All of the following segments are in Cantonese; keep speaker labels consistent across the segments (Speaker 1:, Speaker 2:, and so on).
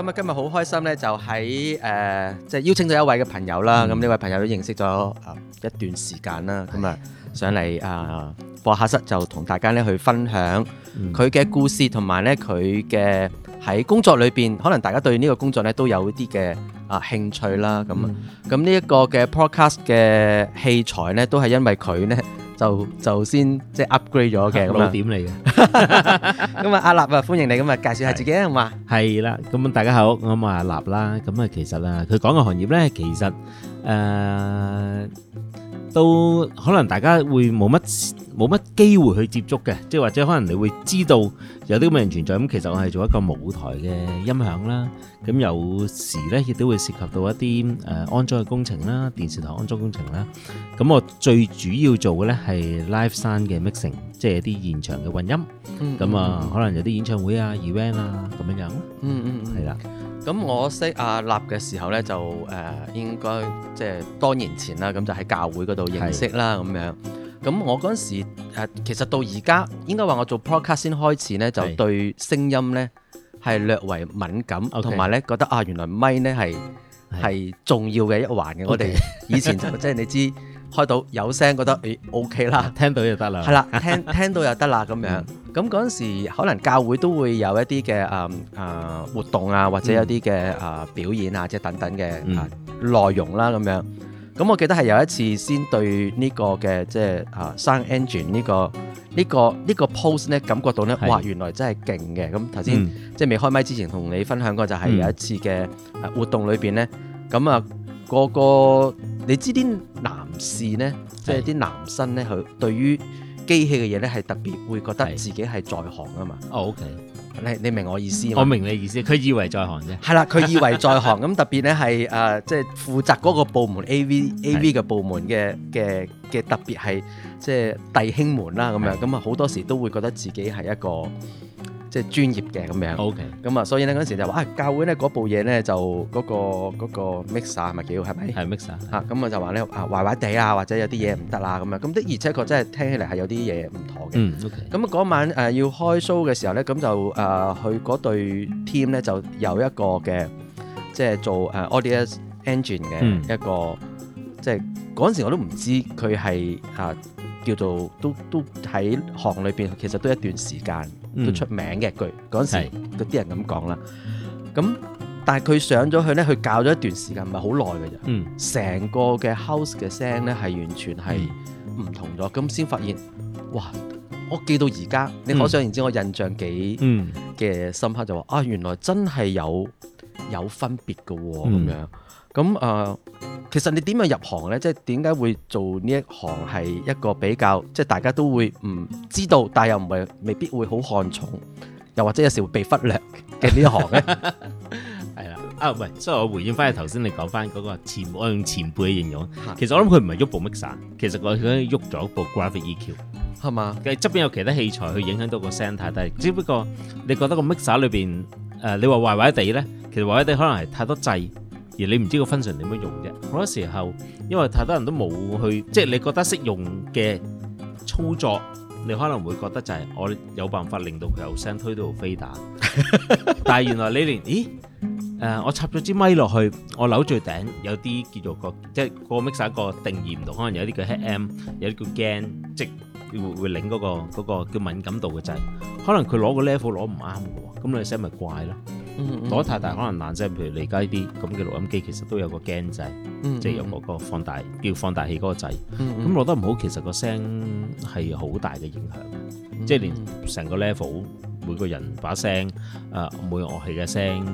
Speaker 1: 咁啊，今日好開心咧，就喺誒，即係邀請咗一位嘅朋友啦。咁呢位朋友都、嗯、認識咗啊一段時間啦。咁、嗯、啊，上嚟啊播客室就同大家咧去分享佢嘅故事，同埋咧佢嘅喺工作裏邊，可能大家對呢個工作咧都有啲嘅啊興趣啦。咁咁呢一個嘅 podcast 嘅器材咧，都係因為佢咧。就就先即係 upgrade 咗嘅老點嚟嘅，咁 啊 阿立啊歡迎你，咁啊介紹下自己啊，係嘛？
Speaker 2: 係啦，咁大家好，我咪阿立啦。咁啊其實啊，佢講嘅行業咧，其實誒都、呃、可能大家會冇乜。冇乜機會去接觸嘅，即係或者可能你會知道有啲名人存在。咁其實我係做一個舞台嘅音響啦，咁有時呢亦都會涉及到一啲誒、呃、安裝嘅工程啦、電視台安裝工程啦。咁我最主要做嘅呢係 live sound 嘅 mixing，即係啲現場嘅混音。咁、嗯、啊、嗯，可能有啲演唱會啊、嗯、event 啊咁樣樣。嗯嗯嗯，係啦。
Speaker 1: 咁我識阿立嘅時候呢，就誒、呃、應該即係多年前啦，咁就喺教會嗰度認識啦，咁樣。咁我嗰陣時、呃、其實到而家應該話我做 podcast 先開始咧，就對聲音咧係略為敏感，同埋咧覺得啊，原來咪咧係係重要嘅一環嘅。我、okay。哋以前就即係 你知開到有聲，覺得誒 O K 啦，聽到就得啦，係啦，聽聽到就得啦咁樣。咁嗰陣時可能教會都會有一啲嘅誒誒活動啊，或者有啲嘅誒表演啊，即係等等嘅、呃、內容啦、啊、咁樣。咁我記得係有一次先對呢個嘅即係啊 Sound Engine 呢個呢個呢個 post 咧感覺到呢，哇原來真係勁嘅！咁頭先即係未開麥之前同你分享過就係有一次嘅活動裏邊呢。咁、嗯、啊、嗰個個你知啲男士呢，即係啲男生呢，佢對於機器嘅嘢呢，係特別會覺得自己係在行啊嘛、哦。OK。你你明我意思嗎？我明你意思，佢以為在行啫。係啦，佢以為在行，咁 特別咧係誒，即、呃、係、即係、負責嗰個部門 A V A V 嘅部門嘅嘅嘅特別係即係弟兄們啦咁樣，咁啊好多時都會覺得自己係一個。即係專業嘅咁樣，咁、okay. 啊、嗯，所以咧嗰陣時就話啊，教會咧嗰部嘢咧就嗰、嗰個嗰個 mixer 係咪叫係咪係 mixer 嚇，咁啊就話咧啊壞壞地啊，或者有啲嘢唔得啦咁樣咁的，的，的，而且確真係聽起嚟係有啲嘢唔妥嘅。嗯 OK. 咁嗰晚誒、呃、要開 show 嘅時候咧，咁就誒、呃、去嗰隊 team 咧就有一個嘅即係做誒、呃、audience engine 嘅一個、mm. 即係嗰陣時我都唔知佢係啊叫做都都喺行裏邊其實都一段時間。嗯、都出名嘅句，嗰陣時嗰啲人咁講啦。咁但係佢上咗去呢，佢教咗一段時間，唔係好耐嘅啫。成、嗯、個嘅 house 嘅聲呢，係完全係唔同咗。咁、嗯、先發現，哇！我記到而家，你可想而知我印象幾嘅深刻、嗯嗯、就話啊，原來真係有有分別嘅喎咁樣。咁誒、呃，其實你點樣入行咧？即係點解會做呢一行係一個比較，即係大家都會唔知道，但又唔係未必會好看重，又或者有時會被忽略嘅呢一行咧？
Speaker 2: 係 啦，啊唔係，所以我回應翻頭先你講翻嗰個前輩前輩嘅形容，其實我諗佢唔係喐部 mixer，其實我喺度喐咗部 graphic EQ，係嘛？佢側邊有其他器材去影響到個聲太低，但只不過你覺得個 mixer 裏邊你話壞壞哋咧，其實壞壞哋可能係太多掣。而你唔知個 function 點樣用啫？好多時候，因為太多人都冇去，即係你覺得識用嘅操作，你可能會覺得就係我有辦法令到佢有聲推到飛彈。但係原來你連咦誒，我插咗支咪落去，我扭最頂有啲叫做個，即係個 mixer 一個定義唔同，可能有啲叫 head amp，有啲叫 gain，即係會會擰嗰個嗰個叫敏感度嘅掣。可能佢攞個 level 攞唔啱嘅喎，咁你聲咪怪咯？攞太大可能難啫，譬如你而家呢啲咁嘅錄音機，其實都有個鏡仔，即係有個個放大叫放大器嗰個掣。咁攞得唔好，其實個聲係好大嘅影響，即係連成個 level 每個人把聲啊，每樂器嘅聲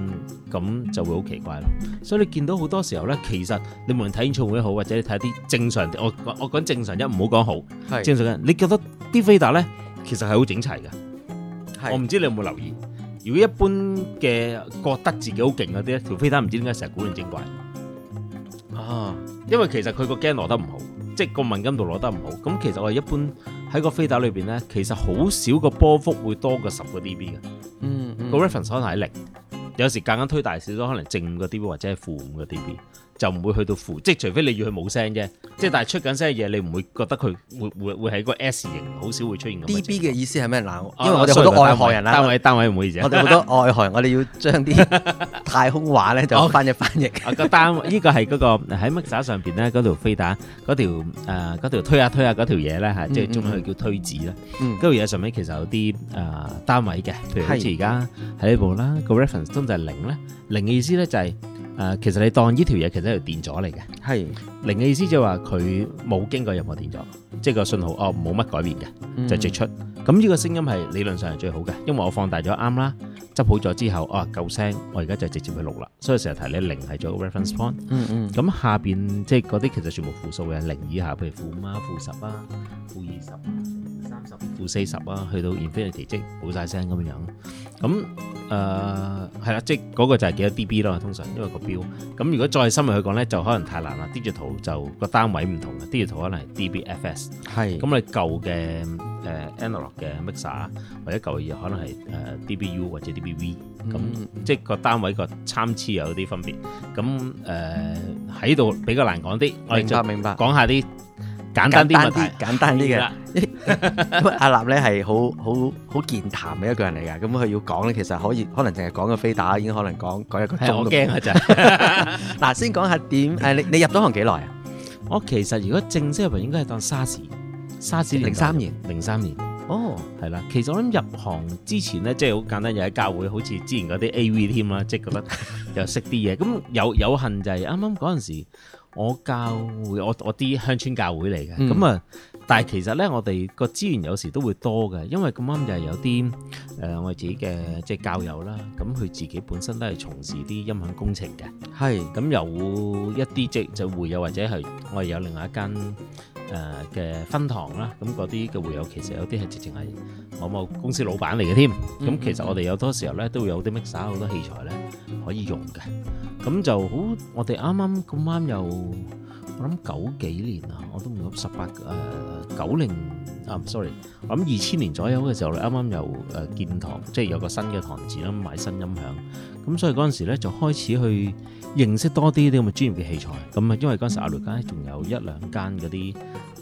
Speaker 2: 咁就會好奇怪咯。所以你見到好多時候咧，其實你無論睇演唱會好，或者你睇一啲正常啲，我我講正常一唔好講好，係正常一，你覺得啲 fader 咧其實係好整齊嘅，我唔知你有冇留意。如果一般嘅覺得自己好勁嗰啲咧，條飛達唔知點解成日古靈精怪啊！因為其實佢個 gain 攞得唔好，即係個敏感度攞得唔好。咁其實我哋一般喺個飛達裏邊咧，其實好少個波幅會多過十個 dB 嘅。嗯，嗯那個 reference 可能係零，有時間間推大少少，可能正五個 dB 或者係負五個 dB。就唔會去到負，即係除非你要佢冇聲啫，即係但係出緊聲嘅嘢，你唔會覺得佢會會會係一個 S 型，好少會出現咁嘅。dB 嘅意思係咩？嗱，因為我哋好多外行人啦，單位單位唔好意思啊，我哋好多外行，我哋要將啲太空話咧就翻譯翻譯。個單位呢個係嗰個喺 mixer 上邊咧，嗰條飛彈，嗰條誒嗰條推下推下嗰條嘢咧嚇，即係中文佢叫推子啦。嗰條嘢上面其實有啲誒單位嘅，譬如而家喺呢部啦，個 reference 中就係零咧，零嘅意思咧就係。誒、呃，其實你當呢條嘢其實係電阻嚟嘅，係零嘅意思就係話佢冇經過任何電阻，即、就、係、係、個信號哦冇乜改變嘅、嗯，就係、直出。咁呢個聲音係理論上係最好嘅，因為我放大咗啱啦，執好咗之後哦、啊、夠聲，我而家就直接去錄啦。所以成日提你零係個，零係做個 reference point，嗯嗯。咁、嗯、下邊即係嗰啲其實全部負數嘅零以下，譬如負五啊、負十啊、負二十負四十啊，去到 Infinity 即冇晒聲咁樣咯。咁誒係啦，即嗰個就係幾多 dB 咯，通常因為個標。咁如果再深入去講咧，就可能太難啦。Digital 就個單位唔同嘅，Digital 可能係 dBFS 係。係咁你舊嘅、呃、Analog 嘅 Mixer、mm. 或者舊嘅嘢可能係、呃、dBu 或者 dBV、mm.。咁即個單位個參差有啲分別。咁誒喺度比較難講啲，我哋就明白明白講下啲。簡單啲，簡單啲嘅。阿、 啊、立咧係好好好健
Speaker 1: 談嘅一個人嚟噶，咁佢要講咧，其實可以可能淨係講個飛打已經可能講講一個鐘。都我驚、就是、 啊！
Speaker 2: 就嗱，先講下點。誒，你你入咗行幾耐啊？我其實如果正式入行應該係當 SARS，沙士，沙士零三年，零三年。哦，係啦。其實我諗入行之前咧，即係好簡單，又喺教會，好似之前嗰啲 A V 添啦，即係覺得又識啲嘢。咁 有有幸就係啱啱嗰陣時。我教會我我啲鄉村教會嚟嘅，咁啊，但係其實咧，我哋個資源有時都會多嘅，因為咁啱就係有啲誒我哋自己嘅即係教友啦，咁佢自己本身都係從事啲音響工程嘅。係，咁有一啲即就會友或者係我哋有另外一間誒嘅分堂啦，咁嗰啲嘅會友其實有啲係直情係某某公司老闆嚟嘅添，咁其實我哋有多時候咧都會有啲 mixer 好多器材咧可以用嘅。咁就好，我哋啱啱咁啱又，我諗九幾年啊，我都唔諗十八誒、呃、九零啊，sorry，我諗二千年左右嘅時候咧，啱啱又誒建堂，即係有個新嘅堂址啦，買新音響，咁所以嗰陣時咧就開始去認識多啲啲咁嘅專業嘅器材，咁啊，因為嗰陣時阿雷街仲有一兩間嗰啲。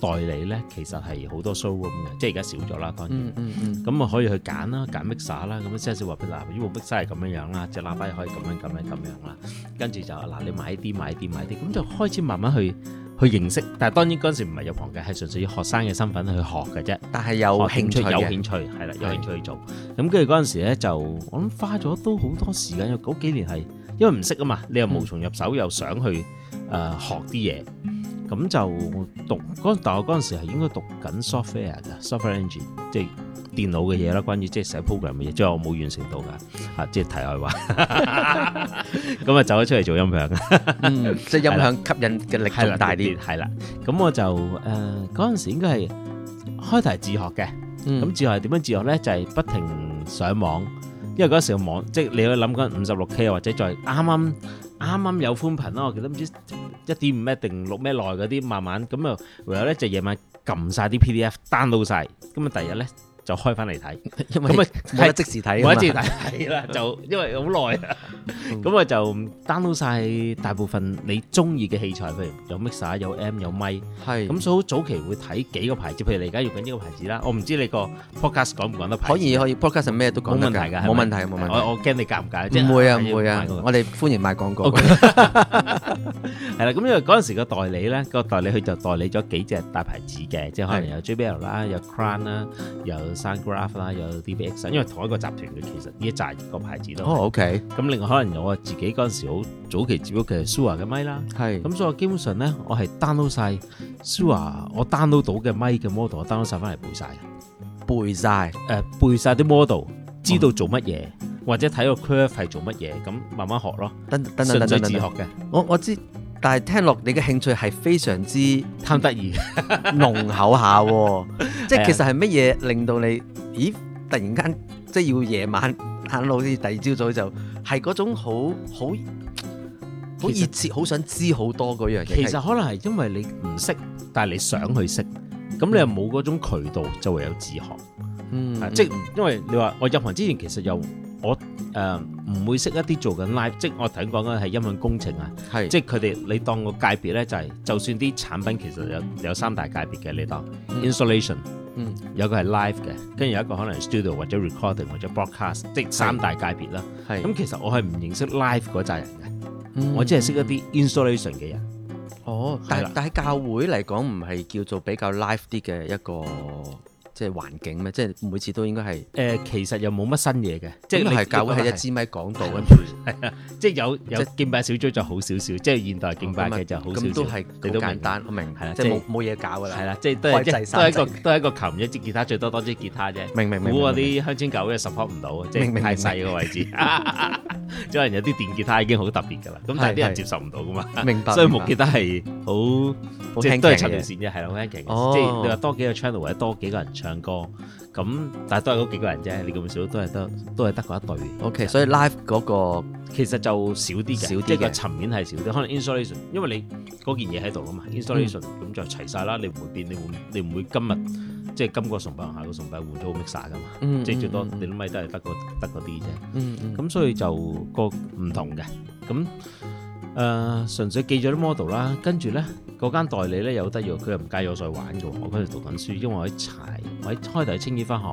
Speaker 2: 代理咧，其實係好多 showroom 嘅，即係而家少咗啦。當然，咁、嗯、啊、嗯、可以去揀啦，揀 mixer 啦。咁即係話，嗱，呢個 mixer 係咁樣樣啦，隻喇叭可以咁樣咁樣咁樣啦。跟住就嗱，你買啲買啲買啲，咁就開始慢慢去去認識。但係當然嗰陣時唔係入行嘅，係純粹以學生嘅身份去學嘅啫。但係有興趣，有興趣係啦，有興趣，有興趣去做。咁跟住嗰陣時咧，就我諗花咗都好多時間。嗰幾年係因為唔識啊嘛，你又無從入手，嗯、又想去誒、呃、學啲嘢。嗯。咁就讀大學，但係我嗰陣時係應該讀緊 software 嘅，software engineer，即係電腦嘅嘢啦，關於即係寫 program 嘅嘢，最後我冇完成到㗎，嚇，即係題外話。咁啊走咗出嚟做音響，即係音響吸引嘅力仲大啲。係啦，咁我就誒嗰陣時應該係開頭自學嘅，咁自學點樣自學咧？就係不停上網，因為嗰陣時個網即係你有諗緊五十六 K 或者再啱啱。啱啱有寬頻咯，我記得唔知一點五咩定六咩耐嗰啲，慢慢咁啊，唯有咧就夜晚撳晒啲 PDF，download 曬，咁啊，第二日咧就開翻嚟睇，咁啊冇得即時睇，我一即時睇啦， 就因為好耐啊。 咁我就 download 曬大部分你中意嘅器材，譬如有 mixer、有 M、有麥。係。咁所以好早期會睇幾個牌子，譬如你而家用緊呢個牌子啦。我唔知你個 podcast 講唔講得？可以可以，podcast 係咩都講得㗎。冇問題㗎，冇問題冇問題。我我驚你夾唔夾？唔會啊唔會啊，我哋歡迎賣廣告。係啦，咁因為嗰陣時個代理咧，個代理佢就代理咗幾隻大牌子嘅，即係可能有 JBL 啦，有 Crown 啦，有 Soundcraft 啦，有 DBX，因為同一個集團嘅，其實呢一紮個牌子都。哦 OK。咁另外可能有。我自己嗰陣時好早期接觸嘅蘇華嘅咪啦，係咁，所以我基本上咧，我係 download 曬蘇華，我 download 到嘅咪嘅 model，我 download 曬翻嚟背曬，背曬誒，背曬啲 model，知道做乜嘢，或者睇個 curve 係做乜嘢，咁慢慢學咯。等等等，純粹自學嘅，我我知，但係聽落你嘅興趣係非常之貪得意
Speaker 1: 濃厚下，即係其實係乜嘢令到你咦突然間即係要夜晚行路，跟住第二朝早就。係嗰種好好好熱
Speaker 2: 切，好想知好多嗰樣嘢。其實可能係因為你唔識，但係你想去識，咁、嗯、你又冇嗰種渠道，就會有自學。嗯，即係因為你話我入行之前，其實又我誒唔、呃、會識一啲做緊 live，即我頭先講嗰係音響工程啊。係，即係佢哋你當個界別咧、就是，就係就算啲產品其實有有三大界別嘅，你當 installation。嗯 insulation, 嗯，有一個係 live 嘅，跟住有一個可能係 studio 或者 recording 或者 broadcast，即三大界別啦。咁，其實我係唔認識 live 嗰扎人嘅、嗯，我只係識一啲 installation 嘅人。哦，但但教會嚟講，唔係叫做
Speaker 1: 比較 live 啲嘅一個。即環境咩？即係每次都應該係誒，其實
Speaker 2: 又冇乜新嘢嘅，即係教會係一支咪講道的，即係有有敬拜小組就好少少，即係現代敬拜嘅就好少少，咁都係好簡單，明係即冇冇嘢搞㗎啦，係啦，即係、嗯嗯嗯嗯、都係一都係一個，一個琴一支吉他，最多多支吉他啫。明明啲鄉村教會 support 唔到，即係太細個位置，即係人有啲電吉他已經好特別㗎啦，咁但係啲人接受唔到㗎嘛，明白，所以木吉他係好即都係插電線嘅係啦，插電線，即係你話多幾個 channel 或者多幾個人唱。兩個咁，但係都係嗰幾個人啫。你咁少，都係得，
Speaker 1: 都係得嗰一對。OK，所以 live 嗰個其實就少啲嘅，即係個層面係少啲。可
Speaker 2: 能 installation，因為你嗰件嘢喺度啦嘛。installation 咁就齊晒啦，你唔會變，你唔你唔會今日即係今個崇拜，下個崇拜換咗好 mix 㗎嘛。即係最多你啲咪都係得嗰得嗰啲啫。咁所以就個唔同嘅咁。誒、呃、純粹記咗啲 model 啦，跟住咧嗰間代理咧有得用，佢又唔介意我再玩嘅喎。我嗰陣讀緊書，因為我喺柴，我喺開頭喺青衣返學，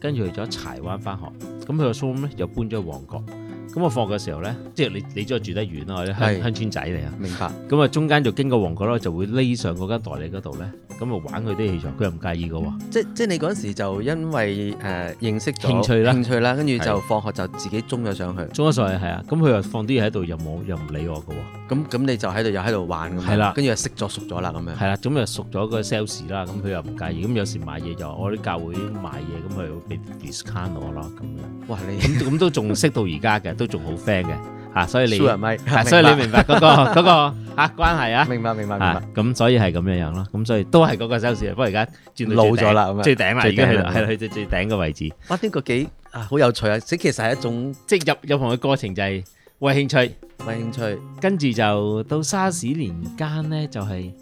Speaker 2: 跟住去咗柴灣返學。咁佢個 room 咧又搬咗去旺角。咁我放嘅時候咧，即係你你即係住得遠咯，鄉鄉村仔嚟啊。明白。咁啊中間就經過旺角咯，就會匿上嗰間代理嗰度咧。咁啊玩佢啲器材，佢又唔介意嘅喎、嗯。即即係你嗰陣時就因為誒、呃、認識興趣啦，
Speaker 1: 興趣啦，跟住就放學就自己中咗上去。中咗上去係啊，咁佢又放啲嘢喺度，又冇又唔理我嘅喎。
Speaker 2: 咁咁你就喺度又喺度玩咁樣，係啦，跟住就識咗熟咗啦咁樣。係啦，咁又熟咗個 sales 啦，咁佢又唔介意。咁、嗯、有時買嘢就我啲教會賣嘢，咁佢會俾 discount 我咯咁樣。哇，你咁都仲識到而家嘅都仲好 friend 嘅嚇，所以你，所以你明白嗰個嗰個嚇關係啊？明白明白嚇，咁所以係咁樣樣咯，咁所以都係嗰個收市。不過而家轉到老咗啦，最頂啦，而家係啦，係去最最頂嘅位置。哇！呢個幾啊，好有趣啊！即係其實係一種，即係入入行嘅過程就係為興趣，為興趣。跟住就到沙士年間咧，就係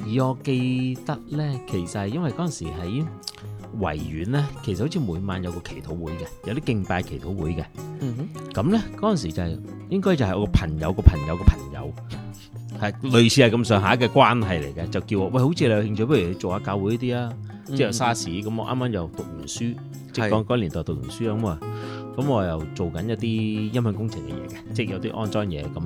Speaker 2: 而我記得咧，其實因為嗰陣時係。維園咧，其實好似每晚有個祈禱會嘅，有啲敬拜祈禱會嘅。嗯
Speaker 3: 哼，
Speaker 2: 咁咧嗰陣時就係應該就係我個朋友個朋友個朋友，係類似係咁上下嘅關係嚟嘅，就叫我，喂，好似你有興趣，不如做下教會呢啲啊。即係沙士咁，我啱啱又讀完書，即係講嗰年代讀完書咁啊，咁我又做緊一啲音響工程嘅嘢嘅，即係有啲安裝嘢咁。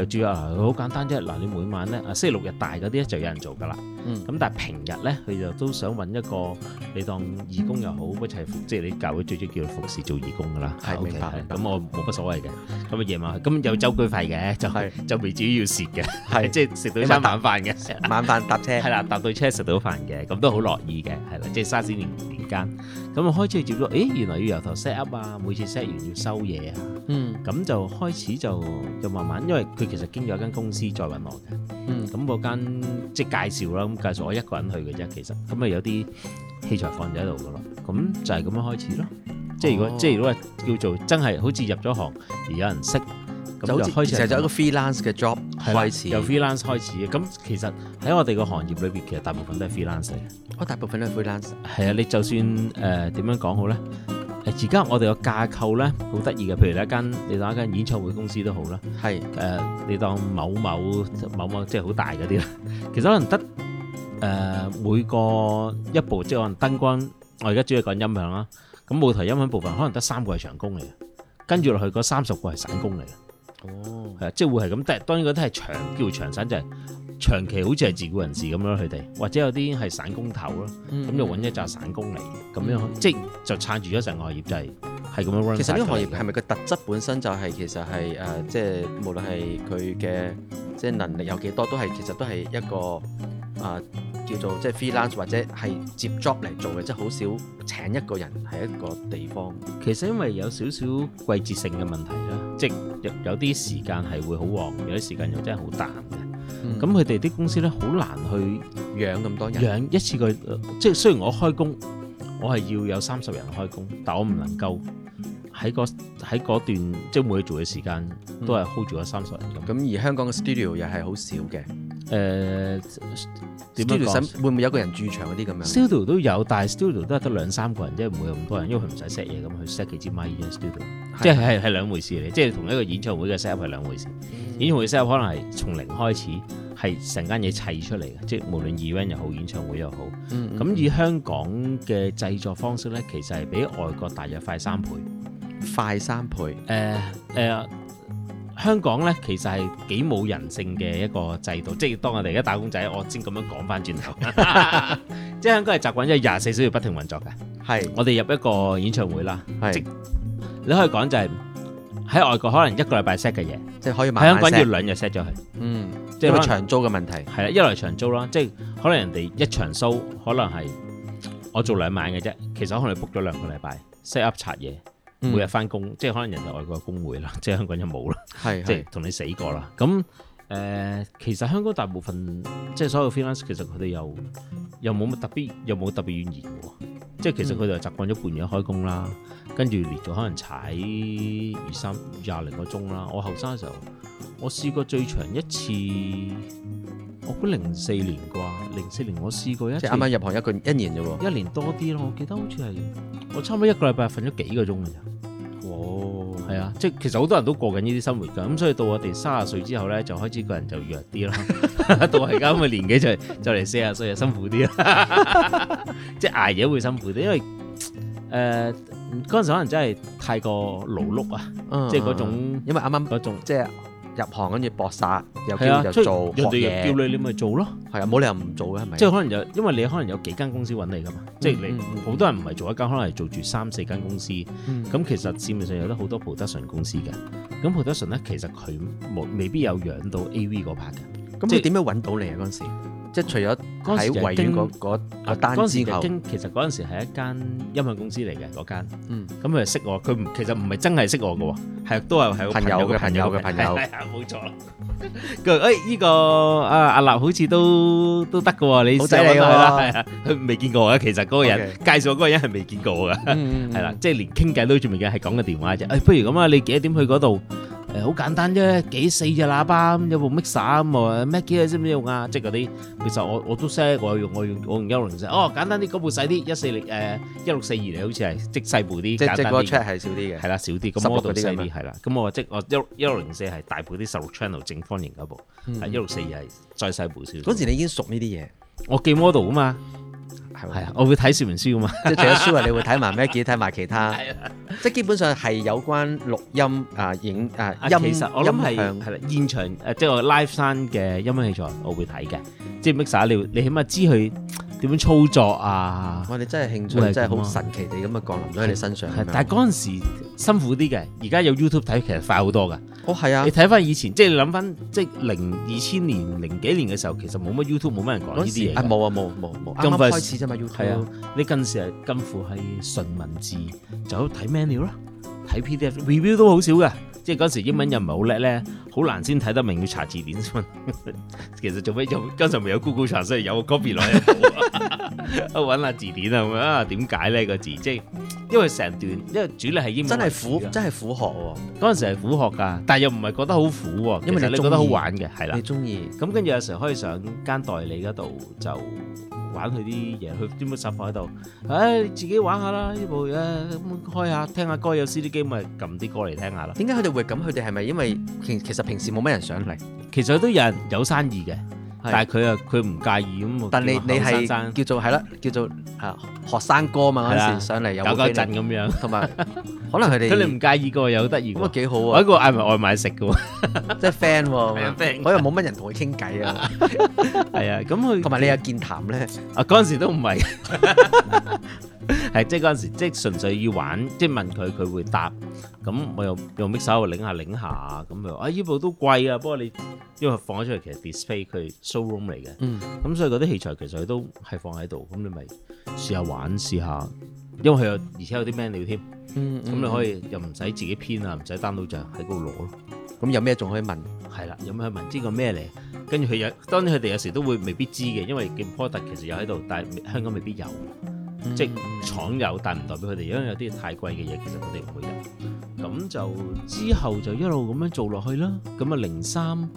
Speaker 2: 就主要啊，好簡單啫。嗱，你每晚咧啊，星期六日大嗰啲就有人做噶啦。嗯。咁但係平日咧，佢就都想搵一個你當義工又好，一齊即係你教會最中叫服侍做義工噶啦。係，明白。咁我冇乜所謂嘅。咁夜晚，咁有周居費嘅，就就未至於要蝕嘅。係，即係食到餐晚飯嘅。晚飯搭車。係啦，搭到車食到飯嘅，咁都好樂意嘅，係啦。即係三四年時間，咁我開始接觸，咦，原來要由頭 set up 啊，每次 set 完要收嘢啊。嗯。咁就開始就就慢慢，因為佢。其實經過一間公司再揾我嘅、嗯，嗯，咁嗰間即係介紹啦，咁介紹我一個人去嘅啫，其實，咁咪有啲器材放咗喺度嘅咯，咁就係咁樣開始咯。即係如果，哦、即係如果叫做真係好似入咗行而有人識，咁就開始就。其實就係一個 freelance 嘅 job 開始，由 freelance 開始嘅。咁其實喺我哋個行業裏邊，其實大部分都係 freelancer。我、哦、大部分都係 freelancer。係啊，你就算誒點、呃、樣講好咧？而家我哋個架構咧，好得意嘅。譬如你一間，你當一間演唱會公司都好啦。係，誒，你當某某某某，即係好大嗰啲啦。其實可能得誒每個一部，即係可能燈光。我而家主要講音響啦。咁舞台音響部分，可能得三個係長工嚟嘅，跟住落去嗰三十個係散工嚟嘅。哦，係啊，即係會係咁。但係當然嗰啲係長叫長散，就係。長期好似係自雇人士咁樣，佢哋或者有啲係散工頭咯，咁、嗯、就揾一紮散工嚟，咁、嗯、樣即就撐住咗成個行業就係係咁樣。其實呢個行業係咪個特質本身就係、是、其實係誒、嗯啊，即係無論係
Speaker 1: 佢嘅即係能力有幾多，都係其實都係一個啊叫做即係 freelance 或者係接 job 嚟做嘅，即係好少請一個人喺一個地方。
Speaker 2: 其實因為有少少季節性嘅問題啦、嗯，即有啲時間係會好旺，有啲時間又真係好淡嘅。咁佢哋啲公司咧好難去養咁多人，一次過即係雖然我開工，我係要有三十人開工，但我唔能夠喺喺嗰段，段即係每做嘅時間、嗯、都係 hold 住咗三十人咁。咁、嗯、而香港嘅 studio 又係好少嘅。誒點樣講會唔會有個人駐場嗰啲咁樣？Studio 都有，但係 Studio 都係得兩三個人，即係唔會咁多人，嗯、因為佢唔使 set 嘢咁，佢 set 幾支麥已經。Studio 即係係係兩回事嚟，即係同一個演唱會嘅 set 係兩回事、嗯。演唱會 set 可能係從零開始，係成間嘢砌出嚟嘅，即係無論 event 又好，演唱會又好。咁、嗯嗯、以香港嘅製作方式咧，其實係比外國大約快三倍，快三倍。誒、呃、誒。呃香港呢，其實係幾冇人性嘅一個制度，即係當我哋而家打工仔，我先咁樣講返轉頭，即係香港係習慣，即係廿四小時不停運作嘅。係，我哋入一個演唱會啦，即係你可以講就係喺外國可能一個禮拜 set 嘅嘢，即係可以慢啲，香港要兩日 set 咗佢。嗯，
Speaker 3: 即係因為長
Speaker 2: 租嘅問題。係啦，一來長租啦，即係可能人哋一場 show 可能係我做兩晚嘅啫，其實我可能 book 咗兩個禮拜 set up 擦嘢。每日翻工，即係可能人哋外國有工會啦，即係香港人冇啦，是是即係同你死過啦。咁誒、呃，其實香港大部分即係所有 finance 其實佢哋又又冇乜特別，又冇特別怨言喎。即係其實佢哋就習慣咗半夜開工啦，跟住連續可能踩二三廿零個鐘啦。我後生嘅時候，我試過最長一次。我估零四年啩，零四年我試過一即係啱啱入行一個一年啫喎，一年多啲咯。我記得好似係我差唔多一個禮拜瞓咗幾個鐘嘅咋。哦，係啊，即係其實好多人都過緊呢啲生活噶。咁、嗯、所以到我哋卅歲之後咧，就開始個人就弱啲啦。嗯、 到而家咁嘅年紀就 就嚟四啊歲又辛苦啲啦， 即係捱夜會辛苦啲，因為誒嗰陣時可能真係太過勞碌啊，即係嗰種，因為啱啱嗰種、嗯、即係。入行跟
Speaker 1: 住搏殺，又叫又做學嘢，啊、人叫你你咪做咯。係啊，冇理由唔做嘅，係咪？即係可能有，
Speaker 2: 因為你可能有幾間公司揾你噶嘛，嗯、即係你好多人唔係做一間，嗯、可能係做住三四間公司。咁、嗯嗯、其實市面上有得好多 production 公司嘅，咁 production 咧其實佢冇未必有養到 AV 嗰 part 嘅。咁佢點樣揾到你啊？嗰陣時？即係除咗喺位於嗰嗰個單字後，當時其實其實嗰陣時係一間音樂公司嚟嘅嗰間，咁佢識我，佢其實唔係真係識我嘅喎，係都係係朋友嘅朋友嘅朋友，係啊冇錯咯。佢誒呢個阿阿立好似都都得嘅喎，你仔嚟㗎啦，係啊，佢未見過我嘅，其實嗰個人介紹嗰個人係未見過我嘅，係啦，即係連傾偈都仲未嘅，係講個電話啫。誒，不如咁啊，你幾多點去嗰度？誒、呃、好簡單啫，幾四隻喇叭，有部 mixer，咁啊 Mackie 啊，知唔知用啊？即係嗰啲，其實我我都識，我用我用我用一六零四，哦簡單啲，個部細啲，一四零誒一六四二好似係即細部啲，即嗰個 ch 係少啲嘅，係啦少啲，咁 model 細啲係啦，咁我即我一一六零四係大部啲，十六 channel 正方形嗰部，係、嗯、一六四二係再細部少少。嗰時你已經熟呢啲嘢，我記 model 啊嘛。係啊，我會睇說明書噶嘛，即係除咗書啊，
Speaker 1: 你會睇埋咩嘅？睇埋其他，
Speaker 2: 即係基本上係有關錄音啊、影啊、音其實我想係音響，係啦，現場誒，即係我 live sound 嘅音樂器材，我會睇嘅，即係 mixer，你起碼知佢。點樣操作啊？我哋真係興趣，真係好神奇地咁樣，降臨咗喺你身上。係，但係嗰陣時辛苦啲嘅。而家有 YouTube 睇，其實快好多噶。哦，係啊。你睇翻以前，即係你諗翻，即係零二千年、零幾年嘅時候，其實冇乜 YouTube，冇乜人講呢啲嘢。冇啊，冇冇冇。啱啱開始啫嘛，YouTube、啊。係啊，你近時係近乎係純文字，嗯、就好睇 menu 咯。睇 PDF review 都好少嘅。即係嗰時英文又唔係好叻咧，好難先睇得明，要查字典。其實做咩又跟住未有 Google 查，所以有個 copy 落去，揾下 字典啊？點解咧個字？即係因為成段，因為主力係英文，真係苦，真係苦學。嗰陣時係苦學㗎，但係又唔係覺得好苦，因為你覺得好玩嘅，係啦。你中意咁，跟住有時候可以上間代理嗰度就。玩佢啲嘢，佢專門 set 放喺度。唉、哎，你自己玩下啦，呢部嘢咁、啊、開下，聽下歌有 CD 機咪撳啲歌嚟聽下咯。點解佢哋會咁？佢哋係咪因為其其實平時冇咩人上嚟？其實都有人有生意嘅。但係佢啊，佢唔介意咁喎。但你生生
Speaker 1: 你係叫做係啦，叫做啊
Speaker 2: 學生哥嘛。嗰時上嚟有久嗰陣咁樣，同埋可能佢哋佢哋唔介
Speaker 1: 意個有得意個。咁幾好啊！我一個
Speaker 2: 嗌埋外賣食嘅，即係 friend。friend
Speaker 1: 我又冇乜人同佢傾偈
Speaker 2: 啊。係啊，咁佢同埋你有健談咧。啊，嗰陣時都唔係。 係 即係嗰陣時，即係純粹要玩，即係問佢，佢會答。咁我又用 mic 手擰下擰下，咁佢啊，呢、哎、部都貴啊。不過你因為放咗出嚟，其實 display 佢 showroom 嚟嘅。咁、嗯嗯、所以嗰啲器材其實都係放喺度。咁你咪試下玩，試下。因為佢有，有，而且有啲 menu 添、嗯。咁、嗯、你可以又唔使自己編啊，唔使 download 就喺嗰度攞咯。咁、嗯、有咩仲可以問？係啦，有咩問？知個咩嚟？跟住佢有，當然佢哋有時都會未必知嘅，因為 product 其實又喺度，但係香港未必有。嗯、即係廠有，但唔代表佢哋，因為有啲太貴嘅嘢，其實佢哋唔會有。咁就之後就一路咁樣做落去啦。咁啊零三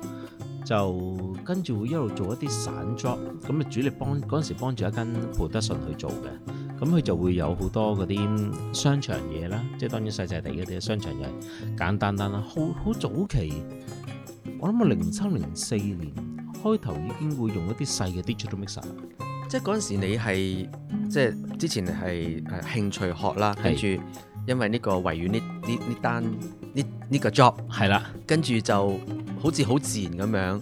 Speaker 2: 就, 03，就跟住會一路做一啲散 job。咁啊主力幫嗰陣時幫住一間普德信去做嘅。咁佢就會有好多嗰啲商場嘢啦，即係當然細細地嗰啲商場嘢，簡單單啦。好好早期，我諗啊零七、零四年開頭已經會用一啲細嘅 digital mixer，
Speaker 1: 即係嗰陣時你係。即係之前係誒興趣學啦，跟住因為呢個維園呢呢呢單呢呢、這個 job 係啦，跟住就好似好
Speaker 2: 自然咁樣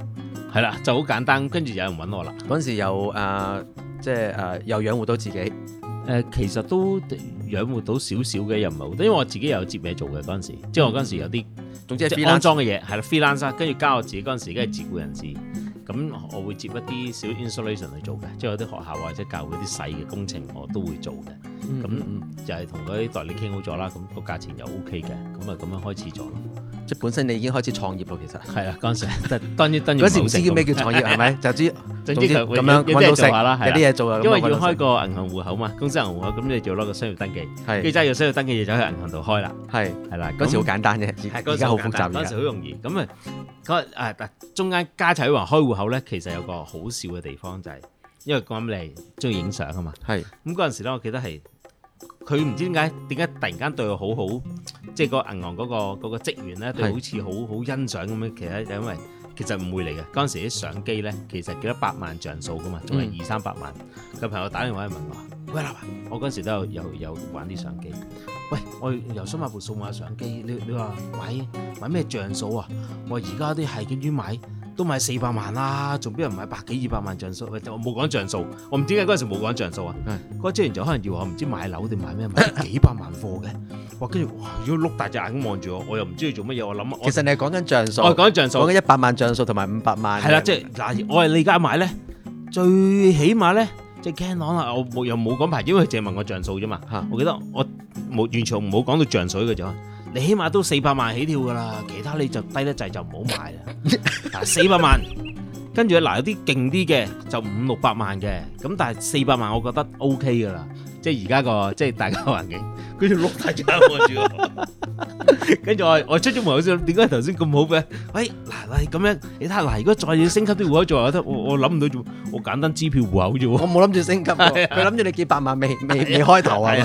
Speaker 2: 係啦，就好簡單，跟住有人揾我啦。嗰陣時又誒、呃、即係誒、呃、又養活到自己誒、呃，其實都養活到少少嘅任務，因為我自己有接嘢做嘅嗰陣時，嗯、即係我嗰陣時有啲總之係 f r e 嘅嘢，係啦 freelance，跟住加我自己嗰陣時，梗係自僱人士。咁我會接一啲小 installation 去做嘅，即係有啲學校或者教會啲細嘅工程，我都會做嘅。咁、嗯、就係同嗰啲代理傾好咗啦，咁個價錢又 OK 嘅，咁啊咁樣開始咗。即係本身你已經開始創業咯，其實係啦，嗰時，嗰時唔知叫咩叫創業係咪， 就知、係、就知咁樣揾到食啦，有啲嘢做啦，因為要開個銀行戶口嘛，公司銀行戶口咁你就要攞個商業登記，跟住真係要商業登記就去銀行度開啦，係，係啦，嗰時好簡單嘅，而家好複雜，嗰時好容易，咁啊嗱、啊、中間加齊話開戶口咧，其實有個好笑嘅地方就係、係，因為講你中意影相啊嘛，係咁嗰時咧，我記得係佢唔知點解點解突然間對我好好。即係個銀行嗰個嗰個職員咧，佢好似好好欣賞咁樣，其實係因為其實唔會嚟嘅。嗰陣時啲相機咧，其實幾多百萬像素㗎嘛，仲係二三百萬。個、嗯、朋友打電話去問我，喂，我嗰陣時都有有有玩啲相機。喂，我又想買部數碼相機，你你話喂，買咩像素啊？我而家啲係幾千米。都買四百萬啦，仲俾人買百幾二百萬像素，就冇講像素，我唔知點解嗰陣時冇講像素啊。嗰之前就可能要我唔知買樓定買咩，買幾百萬貨嘅。哇，跟住哇，要碌大隻眼望住我，我又唔知佢做乜嘢。我諗，其實你係
Speaker 1: 講緊像素。我講緊像素，講緊一百萬
Speaker 2: 像素同埋五百萬。係啦，即係嗱，我係你而家買咧，最起碼咧，即係 Canon 我冇又冇講牌，因為淨問我像素啫嘛。吓，我記得我冇完全好講到像素嘅啫。你起碼都四百萬起跳噶啦，其他你就低得滯就唔好買啦。嗱、 啊，四百萬，跟住嗱有啲勁啲嘅就五六百萬嘅，咁但係四百萬我覺得 OK 噶啦，即係而家個即係大家個環境。跟住碌大隻望住，跟住我我出咗門口先，點解頭先咁好嘅？喂，嗱喂咁樣，你睇下嗱，如果再要升級啲戶口做，我得我我諗唔到做，我簡單支票戶口啫喎。我冇諗住升級，佢諗住你幾百萬未未未開頭啊？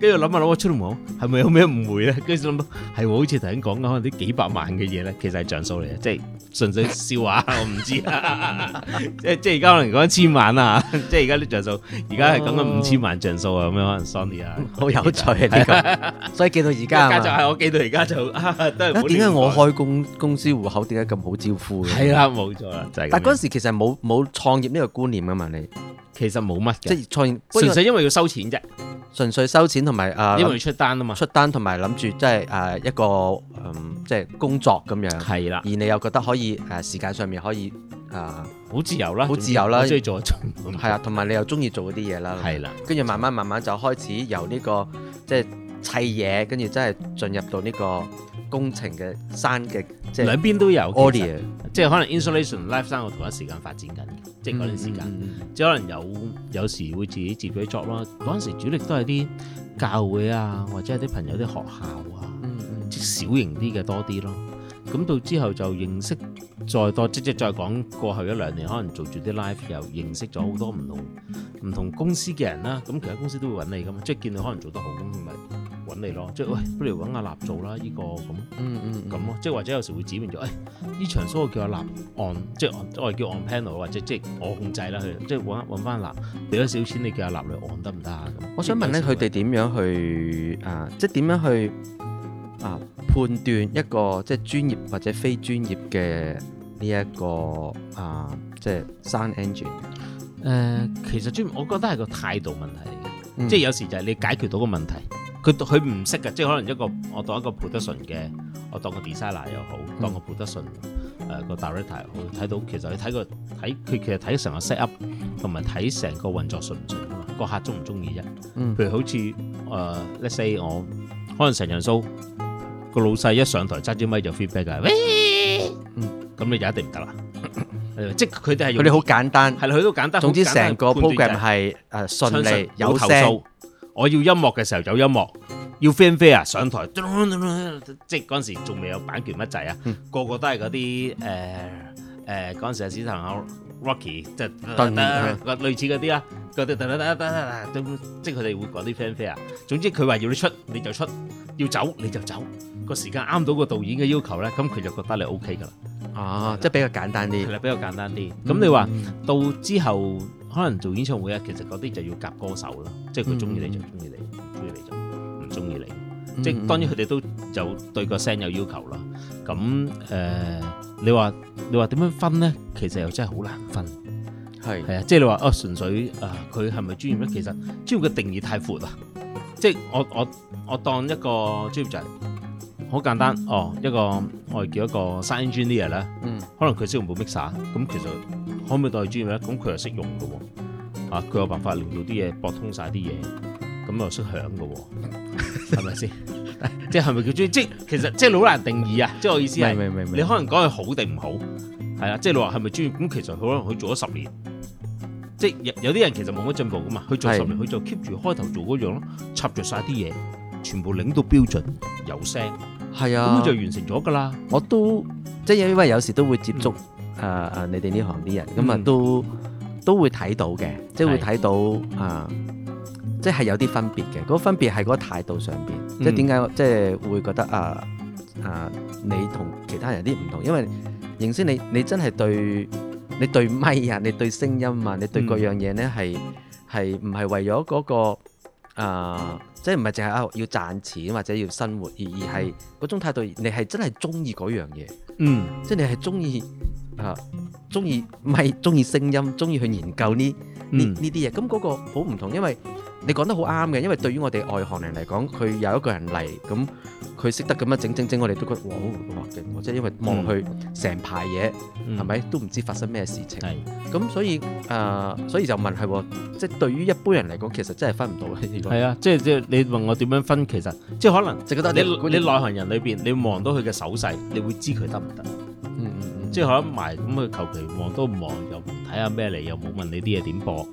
Speaker 2: 跟住諗下諗下出咗門口，係咪有咩誤會咧？跟住諗到係，好似頭先講緊，可能啲幾百萬嘅嘢咧，其實係像素嚟嘅，即係純粹笑話，我唔知啦。即即而家可能講一千萬啊，即係而家啲像素，而家係講緊五千萬像素啊，咁樣可能 Sony 啊，好有趣啊！ 所以記到而家嘛，就係我記到而家就都係點解我開
Speaker 1: 公公司戶口點解咁好招呼嘅？係啦，冇錯啦，就係。但嗰陣時其實冇冇創業呢個觀念嘅嘛，你其實冇乜即係創業純粹因為要收錢啫，純粹收錢同埋啊，因為要出單啊嘛，出單同埋諗住即係誒一個嗯即係工作咁樣，係啦。而你又覺得可以誒，呃、時間上面可以啊。呃好自由啦，好自由啦，所以做得盡。係啊，同 埋你又中意做嗰啲嘢啦。係啦，跟住慢慢慢慢就開始由呢、這個即係、就是、砌嘢，跟住真係
Speaker 2: 進入到呢個工程嘅山嘅即係兩邊都有，即係、就是、可能 insulation life 山我同一時間發展緊，即係嗰段時間，即、嗯、係可能有有時會自己自己作 job 啦。嗰陣時主力都係啲教會啊，或者係啲朋友啲學校啊，即、嗯、係小型啲嘅多啲咯。咁到之後就認識，再多即即再講過後一兩年，可能做住啲 life 又認識咗好多唔同唔同公司嘅人啦。咁其他公司都會揾你噶嘛，即係見你可能做得好，咁咪揾你咯。即係喂，不如揾阿立做啦，呢個咁，嗯嗯，咁、嗯、咯。即係或者有時會指明咗，誒、哎，呢場 show 我叫阿立 on，即係我係叫 on panel 或者即係我控制啦，佢即係揾揾翻立俾咗少錢，你叫阿立嚟 on 得唔得？我想問咧，佢
Speaker 1: 哋點樣去啊？即係點樣去？啊，判斷一個即係專業或者非專業嘅呢一
Speaker 2: 個啊，即係 sound engine、呃。誒，其實專，我覺得係個態度問題嚟嘅。嗯、即係有時就係你解決到個問題，佢佢唔識嘅，即係可能一個我當一個 production 嘅，我當個 designer 又好，當個 production 誒個 director 好，睇到其實你睇個睇佢其實睇成個 set up，同埋睇成個運作順唔順啊，個客中唔中意啫。譬如好似誒、呃、let's say 我可能成日 show。個老細一上台揸支咪就 feedback 噶，喂，咁你就一定唔得啦。即係佢哋係佢哋好簡單，係啦，佢都簡單。總之成個 program 係誒順利，有投訴，我要音樂嘅時候有音樂，要 fanfare 啊上台，即係嗰陣時仲未有版權乜滯啊，個個都係嗰啲誒誒嗰陣時阿司徒啊 Rocky 即係得得個類似嗰啲啦，嗰啲得得得得得，即係佢哋會講啲 fanfare 啊。總之佢話要你出你就出，要走你就走。個時間啱到個導演嘅要求咧，咁佢就覺得你 O K 噶啦。啊，即係比較簡單啲。係啦，比較簡單啲。咁、嗯、你話、嗯、到之後，可能做演唱會啊，其實嗰啲就要夾歌手啦、嗯。即係佢中意你就中意你，中、嗯、意你就唔中意你。嗯、即係、嗯、當然佢哋都有對個聲有要求啦。咁誒、呃，你話你話點樣分咧？其實又真係好難分。係係啊，即係你話啊，純粹啊，佢係咪專業咧、嗯？其實專業嘅定義太闊啦。即係我我我當一個專業仔。好簡單、嗯、哦，一個我哋叫一個 sound engineer 咧、嗯，可能佢識用部 mixer，咁其實可唔可以當佢專業咧？咁佢又識用嘅喎，啊，佢有辦法令到啲嘢搏通晒啲嘢，咁又識響嘅喎，係咪先？是 即係係咪叫專業？即係其實即係好難定義啊！即係我的意思係，你可能講係好定唔好，係啦，即係你話係咪專業？咁其實佢可能佢做咗十年，即係有啲人其實冇乜進步㗎嘛，佢做十年佢就 keep 住開頭做嗰樣咯，插着晒啲嘢，全部擰到標準，有聲。係啊，咁就完成咗㗎啦。
Speaker 1: 我都即係因為有時都會接觸誒誒你哋呢行啲人，咁、嗯、啊都都會睇到嘅、嗯，即係會睇到啊、呃，即係有啲分別嘅。嗰、那個、分別係嗰個態度上邊、嗯，即係點解即係會覺得啊啊、呃呃、你同其他人啲唔同，因為認真你你真係對你對咪啊，你對聲音啊，你對各樣嘢咧係係唔係為咗嗰、那個啊？呃即係唔係淨係啊要賺錢或者要生活而而係嗰種態度，你係真係中意嗰樣嘢，嗯，即係，即係你係中意啊。中意唔係中意聲音，中意去研究呢呢呢啲嘢。咁、嗯、嗰個好唔同，因為你講得好啱嘅。因為對於我哋外行人嚟講，佢有一個人嚟，咁佢識得咁樣整整整，我哋都覺得好唔即係因為望落去成排嘢係咪都唔知發生咩事情。咁、嗯、所以誒、呃，所以就問係即係對於一
Speaker 2: 般人嚟講，其實真係分唔到嘅。係啊，即係即係你問我點樣分，其實即係可能就覺得你內行人裏邊，你望到佢嘅手勢，你會知佢得唔得？嗯嗯嗯，即係可能埋咁佢求其望都唔望，又唔睇下咩嚟，又冇問你啲嘢點播，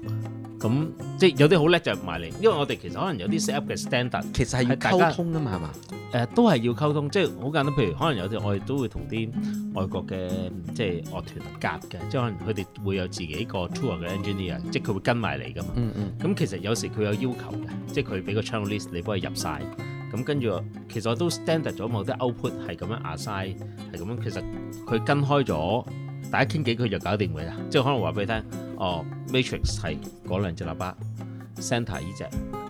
Speaker 2: 咁即係有啲好叻就埋嚟，因為我哋其實可能有啲 set up 嘅 standard，其實係要溝通㗎嘛，係嘛？誒，都係要溝通，即係好簡單。譬如可能有啲我哋都會同啲外國嘅、嗯、即係樂團夾嘅，即係可能佢哋會有自己個 tour 嘅 engineer，即係佢會跟埋嚟噶嘛。嗯嗯。咁其實有時佢有要求嘅，即係佢俾個 channel list，你幫佢入晒。咁、嗯、跟住，其實我都 standard 咗某啲 output 係咁樣 assign，係咁樣。其實佢跟開咗，大家傾幾句就搞掂佢啦。即係可能話俾你聽，哦，Matrix 係嗰兩隻喇叭 center，呢依隻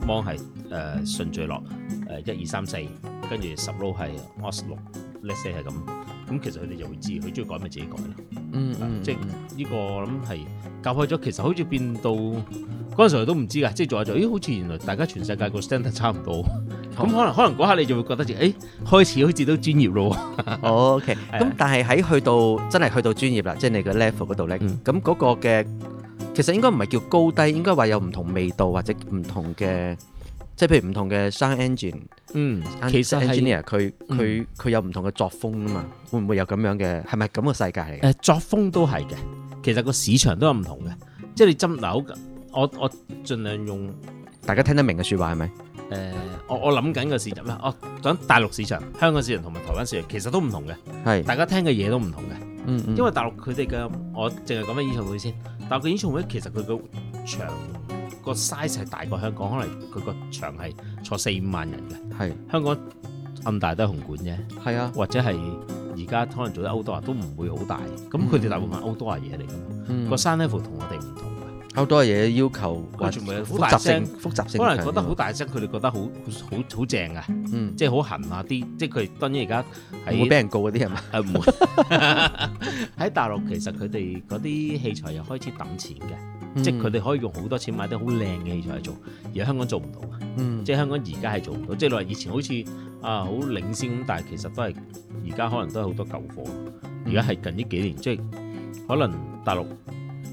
Speaker 2: 芒係誒，順序落誒，一二三四，呃呃、1, 2, 3, 4, 跟住十 row 係 OS 六。叻些係咁，咁其實佢哋就會知，佢中意改咪自己改咯。嗯，即係呢個我諗係隔開咗，其實好似變到嗰陣時候都唔知㗎，即係做下做，咦好似原來大家全世界個 standard 差唔多，咁可能可能嗰下你就會覺得自己誒開始好似都專業咯。OK，咁但係喺去到真係去到專業
Speaker 1: 啦，即係你個 level 嗰度咧，咁嗰個嘅其實應該唔係叫高低，應該話有唔同味道或者唔同嘅。即係譬如唔同嘅 sound engine，
Speaker 2: 嗯，其實 engineer 佢佢佢有唔同嘅作風啊嘛，會唔會有咁樣嘅，係咪咁嘅世界嚟？誒，作風都係嘅，其實個市場都有唔同嘅，即係你針嗱，我我盡量用
Speaker 1: 大家聽得明嘅説話係咪？
Speaker 2: 誒、呃，我我諗緊個市場咧，我講大陸市場、香港市場同埋台灣市場，其實都唔同嘅，係大家聽嘅嘢都唔同嘅，嗯嗯，因為大陸佢哋嘅我淨係講翻演唱會先，大陸嘅演唱會其實佢個場。個 size 係大過香港，可能佢個場係坐四五萬人嘅。係香港咁大都係紅館啫。係啊，或者係而家可能做得歐多啊，都唔會好大。咁佢哋大部分歐多啊嘢嚟㗎。個 level 同我哋唔同
Speaker 1: 㗎。歐多啊嘢要求，或者複雜性，複雜性，可能覺得好
Speaker 2: 大聲，佢哋覺得好好好正㗎。嗯，即係好痕啊啲，即係佢哋當然而家唔會俾人告嗰啲係咪？係唔會。喺大陸其實佢哋嗰啲器材又開始揼錢嘅。嗯、即係佢哋可以用好多錢買啲好靚嘅器材去做，而香港做唔到。嗯，即係香港而家係做唔到。即係你話以前好似啊好領先咁，但係其實都係而家可能都係好多舊貨。而家係近呢幾年，即係可能大陸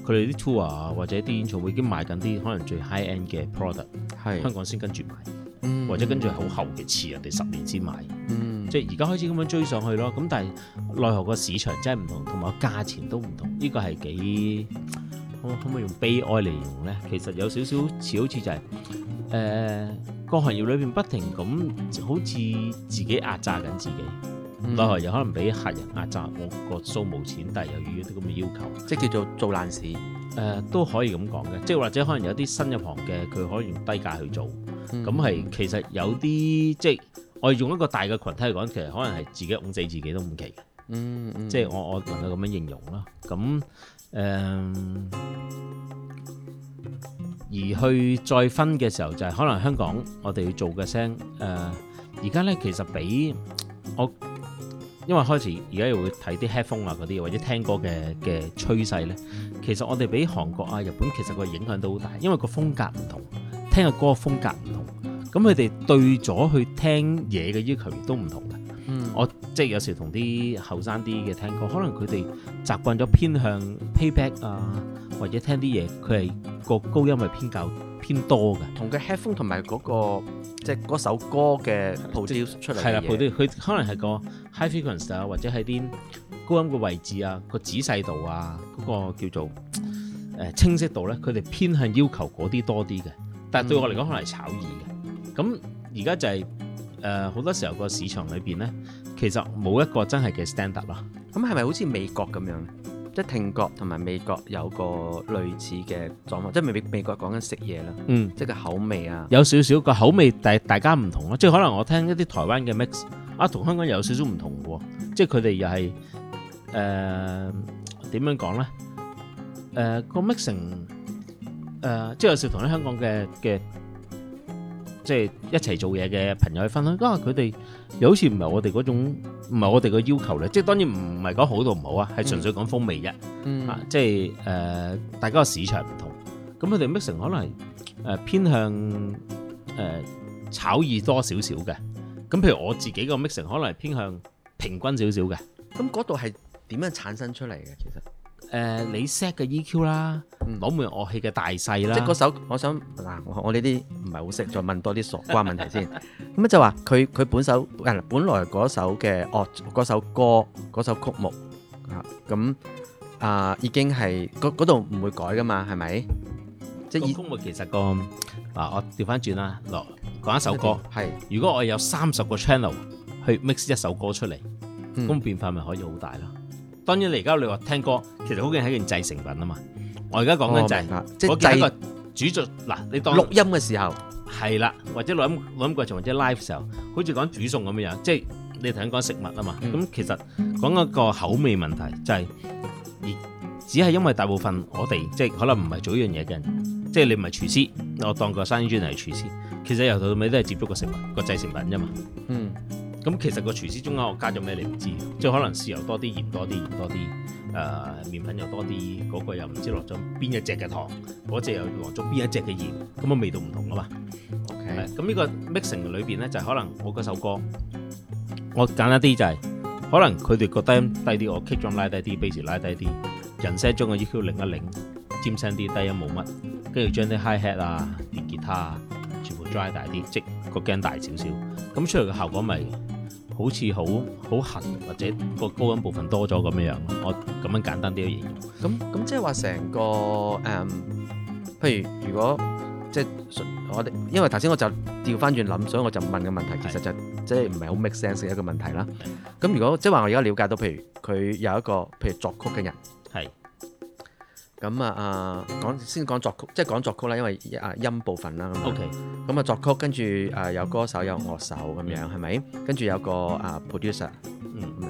Speaker 2: 佢哋啲 tour 啊或者啲演唱會已經賣緊啲可能最 high end 嘅 product，係香港先跟住買，嗯、或者跟住好後嘅次人哋十年先買，嗯、即係而家開始咁樣追上去咯。咁但係奈何個市場真係唔同，同埋價錢都唔同，呢、呢個係幾？可唔可以用悲哀嚟形容呢？其實有少少似好似就係、是、誒、呃、個行業裏面不停咁好似自己壓榨緊自己，另外又可能俾客人壓榨，我個數冇錢，但係由於有啲咁嘅要求，即係叫做做爛事誒、呃、都可以咁講嘅。即係或者可能有啲新入行嘅，佢可以用低價去做，咁、嗯、係其實有啲即係我用一個大嘅群體嚟講，其實可能係自己控制自己都唔奇，嗯，即係我我能夠咁樣形容啦。咁誒、嗯，而去再分嘅時候就係可能香港，我哋要做嘅聲誒，而、呃、家呢，其實比我因為開始而家又會睇啲 headphone 啊嗰啲，或者聽歌嘅嘅趨勢呢。其實我哋比韓國啊、日本其實個影響都好大，因為個風格唔同，聽嘅歌的風格唔同，咁佢哋對咗去聽嘢嘅要求亦都唔同。嗯，我即係有時同啲後生啲嘅聽歌，可能佢哋習慣咗偏向 payback 啊，或者聽啲嘢佢係個高音係偏高偏多嘅。同嘅 headphone 同埋嗰個即係嗰首歌嘅鋪墊出嚟係啦，鋪墊佢可能係個 high frequency 啊，或者喺啲高音嘅位置啊，個仔細度啊，嗰、嗰個叫做誒、呃、清晰度咧，佢哋偏向要求嗰啲多啲嘅。但係對我嚟講，可能係炒耳嘅。咁而家就係、是。誒好多時候個市場裏邊咧，其實冇一個真係嘅 standard 咯。咁係咪好似美國咁樣？即
Speaker 1: 係聽覺同埋美國有個類似嘅狀況，即係未必美國講緊食嘢啦。嗯，即係個口味啊，有
Speaker 2: 少少個口味大大家唔同咯。即係可能我聽一啲台灣嘅 mix 啊，同香港又有少少唔同嘅。即係佢哋又係誒點樣講咧？誒個 mixing 誒，即係有時同啲香港嘅嘅。即係一齊做嘢嘅朋友去分享，啊佢哋又好似唔係我哋嗰種，唔係我哋嘅要求咧。即係當然唔係講好到唔好是純、嗯、啊，係純粹講風味啫。啊即係誒大家個市場唔同。咁佢哋 mix 可能係誒、呃、偏向誒、呃、炒意多少少嘅。咁譬如我自己個 mix 可能係偏向平均少少嘅。咁嗰度係點樣產生出嚟嘅其實？誒你 set 嘅 EQ 啦，攞埋樂器嘅大細啦，即係嗰首我想嗱，我
Speaker 1: 我呢啲唔係好識，再問多啲傻瓜問題先。咁啊就話佢佢本首唔係，本來嗰首嘅樂嗰首歌嗰首曲目啊，咁
Speaker 2: 啊已經係嗰嗰度唔會改噶嘛，係咪？即係以其實個嗱，我調翻轉啦，嗱講一首歌係。如果我有三十個 channel 去 mix 一首歌出嚟，咁變化咪可以好大咯？當然你而家你話聽歌，其實好似係一件製成品啊嘛。我而家講緊就係嗱，即係一個煮餸嗱，你當錄音嘅時候係啦，或者錄音錄音過程或者 live 時候，好似講煮餸咁樣樣，即係你頭先講食物啊嘛。咁、嗯、其實講一個口味問題，就係、是、只係因為大部分我哋即係可能唔係做呢樣嘢嘅，人，即係你唔係廚師，我當個生意專係廚師，其實由頭到尾都係接觸個食物個製成品啫嘛。嗯。咁其實個廚師中間我加咗咩你唔知，即係可能豉油多啲，鹽多啲，鹽多啲，誒、呃、麵粉又多啲，嗰、那個又唔知落咗邊一隻嘅糖，嗰、那、隻、個、又落咗邊一隻嘅鹽，咁、那個味道唔同啊嘛。OK，咁呢個 mixing 裏邊咧就係、是、可能我嗰首歌，我簡單啲就係、是，可能佢哋覺得低音低啲，我 kick drum 拉低啲 bass 拉低啲，人聲中嘅 EQ 擰一擰，尖聲啲，低音冇乜，跟住將啲 high hat 啊，啲吉他啊，全部 dry 大啲，即係個鏡大少少，咁出嚟嘅效果咪、就是、～好似好好痕，或者個高音部分多咗咁樣樣，我咁樣簡單啲嘅形容。咁咁即係話成個誒、嗯，譬如如果即
Speaker 1: 係我哋，因為頭先我就調翻轉諗，所以我就問嘅問題是其實就即係唔係好 make sense 嘅一個問題啦。咁如果即係話我而家了解到，譬如佢有一個譬如作曲嘅人係。咁啊，啊，講先講作曲，即係講作曲啦，因為啊音部分啦，OK，咁啊作曲，跟住啊有歌手有樂手咁樣係咪？跟住、mm. 有個啊 producer，嗯、mm.，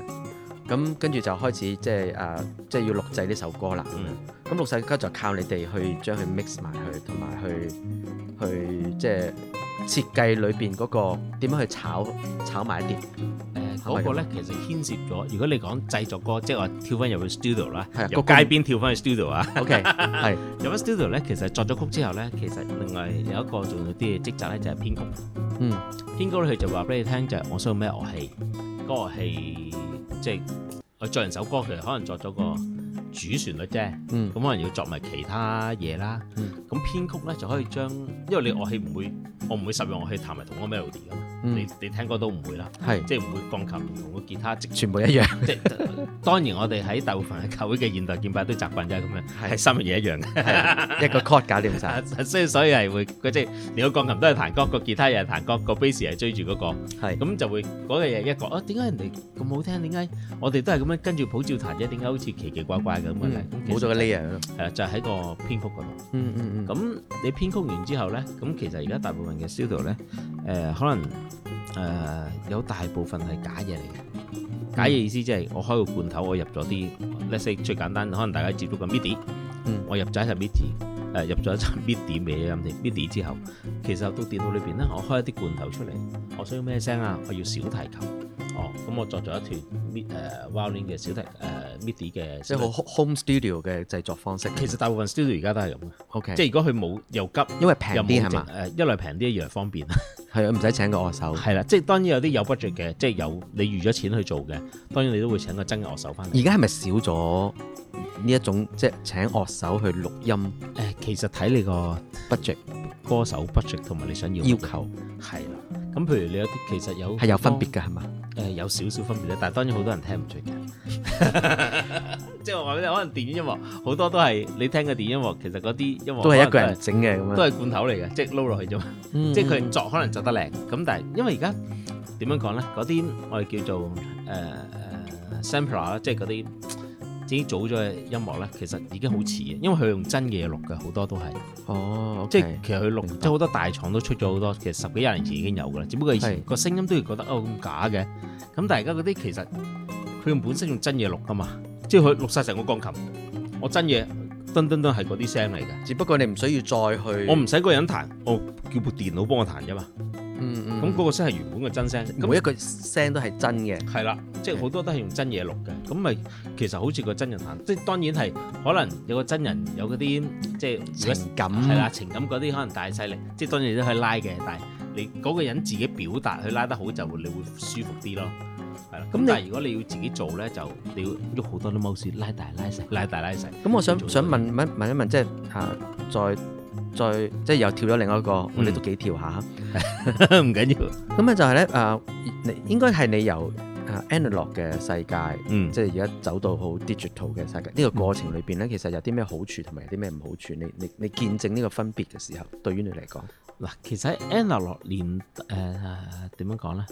Speaker 1: 咁跟住就開始即係啊，即係要錄製呢首歌啦。咁，咁錄曬歌就靠你哋去將佢 mix 埋去，同埋去去即係設計裏邊嗰、那個點樣去炒炒埋一啲。嗰個咧
Speaker 2: 其實牽涉咗。如果你講製作歌，即係我跳翻入去 studio 啦，由街邊跳翻去 studio 啊。OK，係入翻 studio 咧，其實作咗曲之後咧，其實另外有一個仲有啲嘅職責咧，就係編曲。嗯，編曲咧佢就話俾你聽，就係我需要咩樂器，嗰個樂器，即係我作人首歌，其實可能作咗個。主旋律啫，咁、嗯、可能要作埋其他嘢啦。咁、嗯、編曲咧就可以將，因為你樂器唔會，嗯、我唔會十樣樂器彈埋同一個 melody 嘅、嗯。你你聽歌都唔會啦，係即係唔會鋼琴同個吉他即，全部一樣。即 當然我哋喺大部分嘅教會嘅現代敬拜都習慣啫咁樣，係三樣嘢一樣嘅、啊， 一個 chord 搞掂曬。所以所以係會，即係連個鋼琴都係彈歌，個吉他又係彈歌，個 bass 係追住嗰、那個，係咁就會嗰樣嘢一個哦，點、啊、解人哋咁好聽？點解我哋都係咁樣跟住普照彈啫？點解好似奇奇怪怪？嗯冇咗個 layer 啊，係啊，就喺個編曲嗰度。嗯嗯嗯咁你編曲完之後咧，咁其實而家大部分嘅 studio 咧，誒、呃、可能誒、呃、有大部分係假嘢嚟嘅。假嘢意思即係我開個罐頭，我入咗啲 let's say 最簡單，可能大家接觸嘅 MIDI、嗯、我入咗入 MIDI。誒入咗一層 midi 咩音啲 midi 之後，其實到電腦裏邊咧，我開一啲罐頭出嚟，我需要咩聲啊？我要小提琴，哦，咁我作咗一段 midi 誒 i 嘅小提誒 midi 嘅，即係個 home studio 嘅製作方式。其實大部分 studio 而家都係咁嘅，okay，即係如果佢冇又急，因為平啲係嘛？誒，一嚟平啲，一嚟方便。係 啊，唔使請個樂手。係啦，即係當然有啲有 budget 嘅，即係有你預咗錢去做嘅，當然你都會請個真嘅樂手翻嚟。而家係
Speaker 1: 咪少咗？呢一
Speaker 2: 種即係請樂手去錄音，誒，其實睇你個 budget、歌手 budget 同埋你想要求要求係咯。咁譬如你有啲其實有係有分別㗎係嘛？誒、呃、有少少分別咧，但係當然好多人聽唔出嘅。 即係我話俾你聽，可能電影音樂好多都係你聽嘅電影音樂，其實嗰啲音樂都係一個人整嘅，都係罐頭嚟嘅，即係撈落去啫嘛、嗯。即係佢作可能作得靚，咁但係因為而家點樣講咧？嗰啲我哋叫做誒誒 sampler 啊，uh, Sembra, 即係嗰啲。自己早咗嘅音樂咧，其實已經好遲嘅，因為佢用真嘢錄嘅，好多都係。哦，okay, 即係其實佢錄，即係好多大廠都出咗好多，其實十幾廿年前已經有噶啦，只不過以前個聲音都要覺得哦，咁假嘅。咁但係而家嗰啲其實佢用本身用真嘢錄噶嘛，即係佢錄晒成個鋼琴，我真嘢噔噔噔係嗰啲聲嚟嘅，只不過你唔需要再去，我唔使個人彈，我叫部電腦幫我彈啫嘛。嗯嗯，咁、嗯、嗰、那個聲係原本嘅真聲，每一句聲都係真嘅。係啦，即係好多都係用真嘢錄嘅。咁咪其實好似個真人彈，即係當然係可能有個真人有嗰啲即係情感，係啦，情感嗰啲可能大細力，即係當然都可以拉嘅。但係你嗰、那個人自己表達，去拉得好就會你會舒服啲咯。係啦，咁但係如果你要自己做咧，就你要喐好多啲 mouse，拉大拉細，拉大拉
Speaker 1: 細。咁我想想問問，問一問，即係嚇、啊、再。再即係又跳咗另外一個，我、嗯、哋都幾跳下，唔緊要。咁 啊就係、是、咧，誒、呃，你應該係你由誒 analog 嘅世界，嗯，即係而家走到好 digital 嘅世界。呢、嗯這個過程裏邊咧，其實有啲咩好處同埋有啲咩唔好處？你你你見證呢個分別嘅時候，對於你嚟講，
Speaker 2: 嗱，其實喺 analog 年代，誒、呃、點樣講咧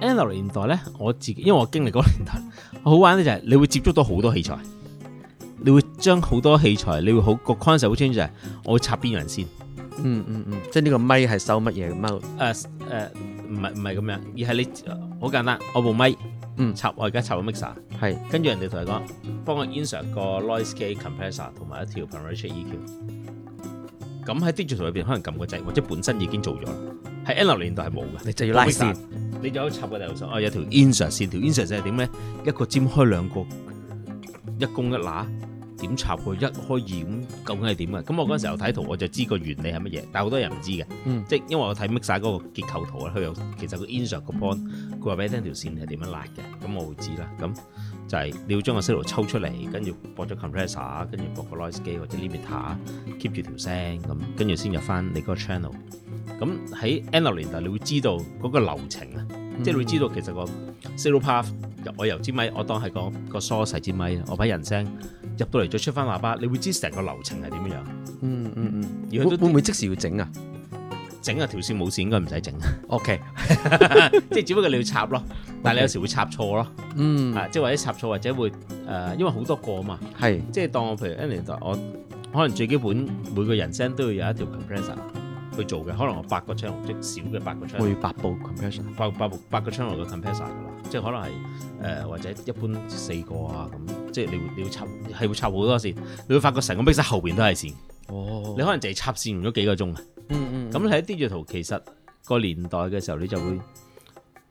Speaker 2: analog 年代咧，我自己因為我經歷嗰年代，好玩咧就係你會接觸到好多器材。你會將好多器材，你會好、個 concept 好清楚。就係我會插邊樣先？嗯嗯嗯，即係呢個咪係收乜嘢嘅咪？誒、uh, 誒、uh，唔係唔係咁樣，而係你好簡單，我部咪，嗯插我而家插個 mixer，係跟住人哋同你講，幫我 insert 個 noise gate compressor 同埋一條 parallel EQ。咁喺 digital 裏邊可能撳個掣，或者本身已經做咗。喺 N 流年代係冇嘅，你就要拉 mixer、哦、一線。你仲有插個條線？有條 insert 線條 insert 係點咧？一個尖開兩個。一公一乸，點插佢一開二，究竟係點嘅？咁我嗰陣時候睇圖，我就知個原理係乜嘢。但係好多人唔知嘅，嗯、即係因為我睇 Mixer 嗰個結構圖啦。佢有其實個 insert 個 point，佢話俾你聽條線係點樣拉嘅。咁我會知啦。咁就係你要將個 signal 抽出嚟，跟住播咗 compressor，跟住播個 noise gate，或者 limiter，keep 住條聲咁，跟住先入翻你嗰個 channel。咁喺 analog 年代，你會知道嗰個流程啊。嗯、即係會知道其實個 signal path，我由支咪，我當係個個 source 支咪我把人聲入到嚟，再出翻喇叭，你會知成個流程係點樣。嗯嗯嗯。嗯會會唔會即時要整啊？整啊，條線冇線應該唔使整。O、okay, K， 即係只不過你要插咯。但係你有時會插錯咯。Okay, 啊、嗯。即係或者插錯或者會誒、呃，因為好多個啊嘛。係。即係當我譬如 a n i 我可能最基本每個人聲都要有一條 compressor。去做嘅，可能我八個 channel 即少嘅八個 channel，會八部 compression，八、嗯、八部八個 channel 嘅 compressor 噶啦，即係可能係誒、呃、或者一般四個啊咁，即係你會你會插係會插好多線，你會發覺成個 mixer 後邊都係線。哦，你可能淨係插線用咗幾個鐘啊。嗯嗯，嗯，嗯，咁睇啲住圖，其實個年代嘅時候你就會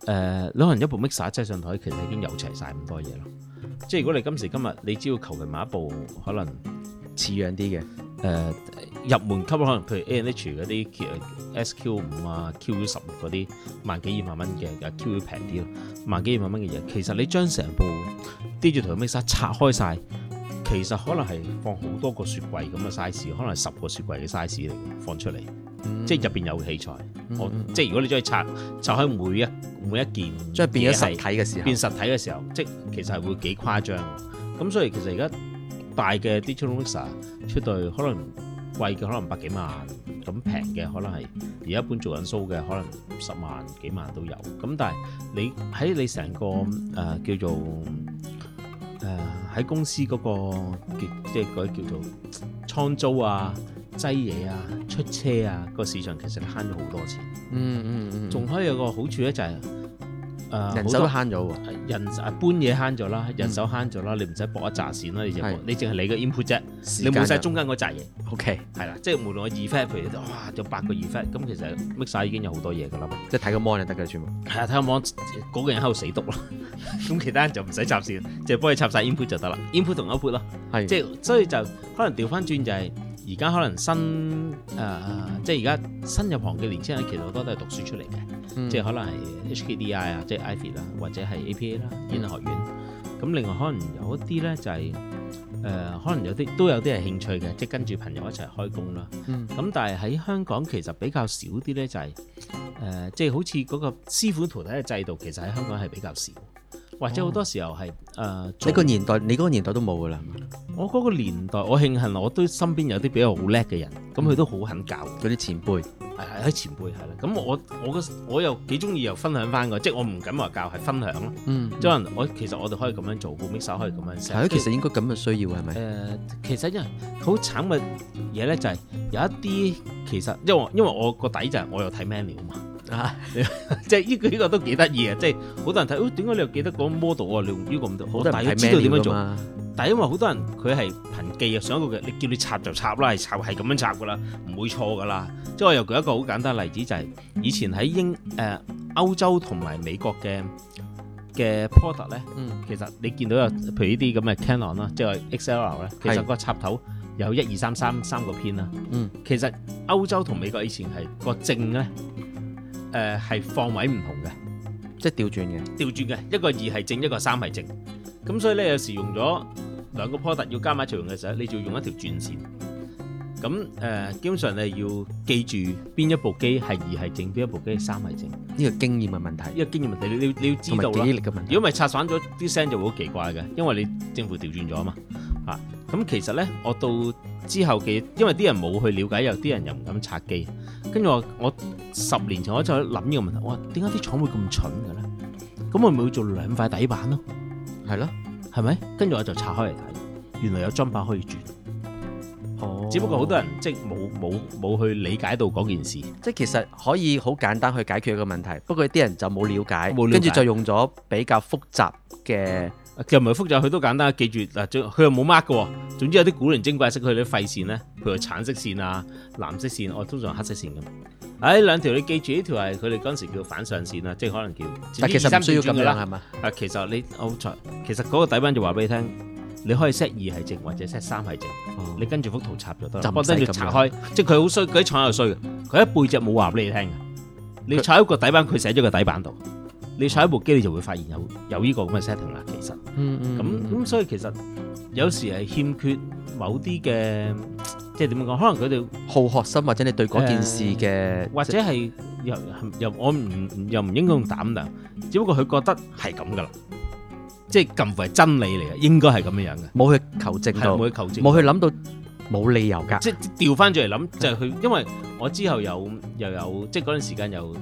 Speaker 2: 誒兩人一部 mixer 一齊上台，其實已經有齊晒咁多嘢咯。即係如果你今時今日你只要求其買一部可能。似樣啲嘅，誒、呃、入門級可能譬如 A&H 嗰啲 Q、SQ5 啊、QU16 嗰啲萬幾二萬蚊嘅，Qu 要平啲咯，萬幾二萬蚊嘅嘢，其實你將成部 Digital Mixer 拆開晒，其實可能係放好多個雪櫃咁嘅 size，可能十個雪櫃嘅 size 嚟，放出嚟、嗯，即係入邊有器材。嗯、即係如果你將佢拆，拆開每一每一件，即佢變咗實體嘅時候，變實體嘅時候，即其實係會幾誇張。咁所以其實而家。大嘅 digital mixer 出到，可能貴嘅可能百幾萬，咁平嘅可能係而一般做緊 show 嘅可能十萬幾萬都有。咁但係你喺你成個誒、呃、叫做誒喺、呃、公司嗰、那個即係嗰啲叫做倉租啊、擠嘢啊、出車啊、那個市場其實慳咗好多錢。嗯嗯嗯，仲、嗯、可以有個好處咧就係、是。人手都慳咗喎，人啊搬嘢慳咗啦，人手慳咗啦，你唔使搏一扎線啦，你淨你淨係你嘅 input 啫，你冇曬中間嗰扎嘢。O K，係啦，即係無論我 effect，譬如就哇做八個 effect，咁其實 mix 曬已經有好多嘢噶啦嘛，即係睇個 mon 就得㗎全部。係啊，睇個 mon，嗰、那個人喺度死讀咯，咁 其他人就唔使插線，就幫你插晒 input 就得啦，input 同 output 咯。係，即係所以就可能調翻轉就係、是。而家可能新誒、呃，即係而家新入行嘅年輕人，其實好多都係讀書出嚟嘅、嗯，即係可能係 HKDI 啊，即係 Ivy 啦，或者係 APA 啦、嗯，演藝學院。咁另外可能有一啲咧、就是，就係誒，可能有啲都有啲係興趣嘅，即係跟住朋友一齊開工啦。咁、嗯、但係喺香港其實比較少啲咧、就是呃，就係誒，即係好似嗰個師傅徒弟嘅制度，其實喺香港係比較少的。或者好多時候係誒，喺、哦呃、個年代，你嗰個年代都冇㗎啦。我嗰個年代，我慶幸我都身邊有啲比較好叻嘅人，咁、嗯、佢都好肯教。嗰啲前輩係係係前輩係啦。咁我我我又幾中意又分享翻㗎，即係我唔敢話教係分享咯。嗯，即、嗯、係我其實我哋可以咁樣做，後尾手可以咁樣寫。係、嗯、其實應該
Speaker 1: 咁嘅需要係咪？誒、
Speaker 2: 呃，其實因為好慘嘅嘢咧，就係、是、有一啲其實因為因為我個底就係、是、我又睇咩料嘛。啊！即係呢幾個都幾得意啊！即係好多人睇，點解你又記得嗰 model 啊？你用呢個咁多，好大人睇咩嘢噶嘛？但係因為好多人佢係憑記啊，上一個嘅，你叫你插就插啦，係插係咁樣插噶啦，唔會錯噶啦。即係我又舉一個好簡單例子，就係、是、以前喺英誒歐、呃、洲同埋美國嘅嘅 port 咧，其實你見到有，譬如呢啲咁嘅 Canon 啦、啊，即係 XLR 咧，其實個插頭有一二三三三個 pin 啦、嗯，其實歐洲同美國以前係個正咧。誒，係方位唔同嘅，即係調轉嘅，調轉嘅，一個是二係正，一個是三係正，咁所以咧，有時用咗兩個 port 要加埋一齊用嘅時候，你就要用一條轉線。咁誒、呃，基本上你要記住邊一部機係二係正，邊一部機係三係正。呢個經驗嘅問題，呢、這個經驗問題，你要你要知道記憶力嘅問題，如果唔係拆散咗，啲聲就會好奇怪嘅，因為你正負調轉咗啊嘛。啊，咁其實咧，我到之後嘅，因為啲人冇去了解，有啲人又唔敢拆機。跟住我，十年前我就喺度諗呢個問題。我話點解啲廠會咁蠢嘅咧？咁我咪要做兩塊底板咯，係咯，係咪？跟住我就拆開嚟睇，原來有張板可以轉。哦、oh.，只不過好多人即係冇冇冇去理解到嗰件事，
Speaker 1: 即係其實可以好簡單去解決一個問題。不過啲人就冇了解，跟住就用咗比
Speaker 2: 較複雜嘅。其實唔係複雜，佢都簡單，記住嗱，最佢又冇 mark 嘅。總之有啲古靈精怪色，佢啲廢線咧，譬如橙色線啊、藍色線，我通常黑色線咁。誒兩條，你記住呢條係佢哋嗰陣時叫反上線啊，即係可能叫。但係其實唔需要咁樣係嘛？啊，其實你我好彩，其實嗰個底板就話俾你聽，你可以 set 二係正或者 set 三係正，你跟住幅圖插就得。跟住插開即係佢好衰，佢啲廠又衰嘅，佢一背脊冇話俾你聽。你插一個底板，佢寫咗個底板度。你踩一部機，你就會發現有有呢個咁嘅 setting 啦。其實，咁咁所以其實有時係欠缺某啲嘅，即係點講？可能佢哋好學心，或者你對嗰件事嘅，或者係又又我唔又唔應該用膽量，只不過佢覺得係咁噶啦，即係近乎係真理嚟嘅，應該係咁樣樣嘅，冇去求證，冇去求證，冇去諗到，冇理由噶。即係調翻轉嚟諗，就係佢，因為我之後有又有即係嗰陣時間有誒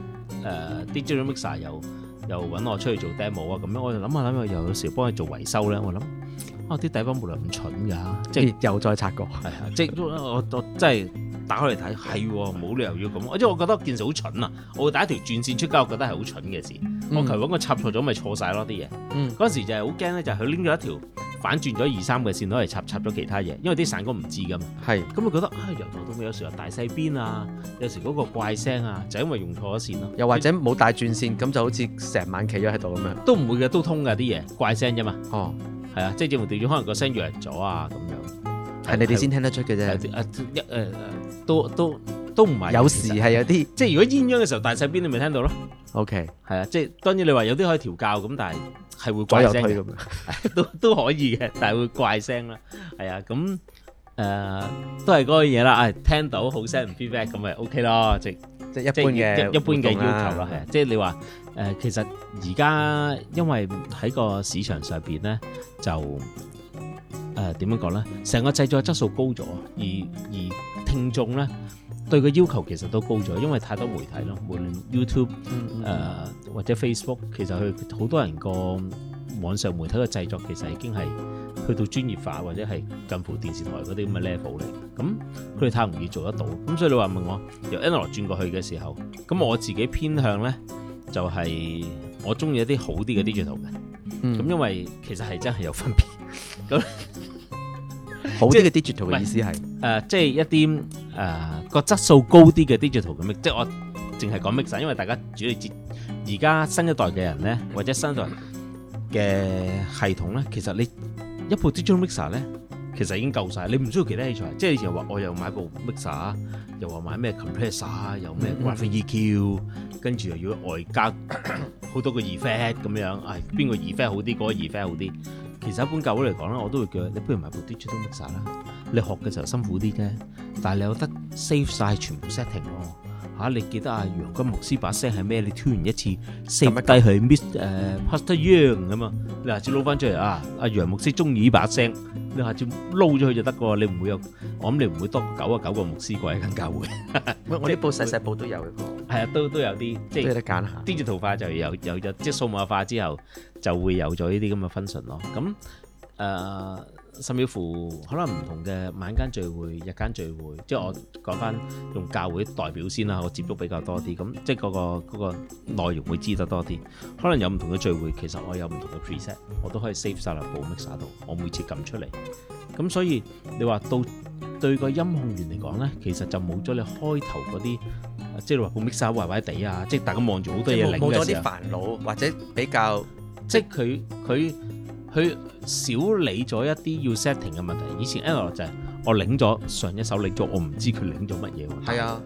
Speaker 2: 啲 digital mixer 有。又揾我出去做 demo 啊，咁樣我就諗下諗下，又有時候幫佢做維修咧，我諗。啲、哦、底方冇理唔蠢噶，即係又再拆過，係啊！即係 我我，我真係打開嚟睇，係冇、啊、理由要咁。我即係我覺得件事好蠢啊！我會打一條轉線出街，我覺得係好蠢嘅事。嗯、我求穩我插錯咗，咪錯晒咯啲嘢。嗰、嗯、時就係好驚咧，就係佢拎咗一條反轉咗二三嘅線攞嚟插，插咗其他嘢，因為啲散工唔知噶嘛。係咁，佢、嗯、覺得啊，油、哎、頭都冇，有時候大細邊啊，有時嗰個怪聲啊，就因為用錯咗線咯、啊。又或者冇帶轉線，咁就好似成晚企咗喺度咁樣。都唔會嘅，都通嘅啲嘢，怪聲啫嘛。哦，係啊，即係可能個聲弱咗啊，咁樣係你哋先聽得出嘅啫。誒一誒都都都唔係。有時係有啲、嗯，即係如果鴛鴦嘅時候，大細邊你咪聽到咯。OK，係啊，即係當然你話有啲可以調教咁，但係係會怪聲嘅， 都都可以嘅，但係會怪聲啦。係啊，咁誒、呃、都係嗰樣嘢啦。誒、哎、聽到好聲 feedback 咁咪 OK 咯，即係即係一般嘅一,一般嘅要求啦。係啊，即係你話誒、呃，其實而家因為喺個市場上邊咧就～誒，點樣講咧？成個製作質素高咗，而而聽眾咧對佢要求其實都高咗，因為太多媒體咯，無論 YouTube 誒或者 Facebook，其實佢好多人個網上媒體嘅製作其實已經係去到專業化或者係近乎電視台嗰啲咁嘅 level 嚟，咁佢哋太容易做得到。咁所以你話問我由 online 轉過去嘅時候，咁我自己偏向咧就係。我中意一啲好啲嘅 digital 嘅，咁、嗯、因為其實係真係有分別。咁好啲嘅 digital 嘅意思係，誒、即係，即係、呃即係、一啲誒個質素高啲嘅 digital 嘅 mix，即係我淨係講 mixer，因為大家主要知而家新一代嘅人咧，或者新一代嘅系統咧，其實你一部 digital mixer 咧。其實已經夠晒，你唔需要其他器材。即係又話我又買部 mixer，又話買咩 compressor，又咩 graphic EQ，跟住又要外加好多個 effect 咁樣。唉，邊個 effect 好啲，嗰個 effect 好啲。其實一般教會嚟講咧，我都會叫你不如買部 digital mixer 啦。你學嘅時候辛苦啲啫，但係你有得 save 晒，全部 setting 咯。吓！你記得啊，楊金牧師把聲係咩？你突然一次食低係 Miss 誒 Pastor Yang 咁啊！你下次撈翻出嚟啊！阿楊牧師中意把聲，你下次撈咗佢就得喎。你唔會有，我諗你唔會多九啊九個牧師跪喺間教會。我
Speaker 1: 我呢部細細部都有
Speaker 2: 嘅喎。係啊，都都有啲，即係都有得揀下。Digital 化就有有有，即係數碼化之後就會有咗呢啲咁嘅 function 咯。咁誒。甚至乎，可能唔同嘅晚間聚會、日間聚會，即係我講翻用教會代表先啦，我接觸比較多啲，咁即係嗰個嗰個內容會知得多啲。可能有唔同嘅聚會，其實我有唔同嘅 preset，我都可以 save 晒落部 mixer 度，我每次撳出嚟。咁所以你話到對個音控員嚟講咧，其實就冇咗你開頭嗰啲，即係你話部 mixer 壞壞地啊，即係大家望住好多嘢嚟嘅時候，冇咗啲煩惱或者比較，即係佢佢。佢少理咗一啲要 setting 嘅問題。以前 L 就係我領咗上一手領咗，我唔知佢領咗乜嘢喎。係啊，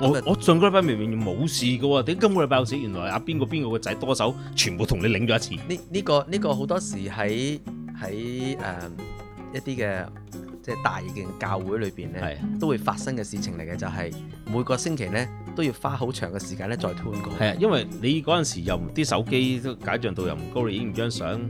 Speaker 2: 我我上個禮拜明明冇事嘅喎，點今個禮拜有事？原來阿邊個邊個個仔多手，全部同
Speaker 1: 你領咗一次。呢、嗯、呢、這個呢、這個好多時喺喺誒一啲嘅。即係大嘅教會裏邊咧，都會發生嘅事情嚟嘅，就係、是、每個星期咧都要花好長嘅時間咧再通過。
Speaker 2: 係啊，因為你嗰陣時又唔啲手機都解像度又唔高，嗯、你影完張相，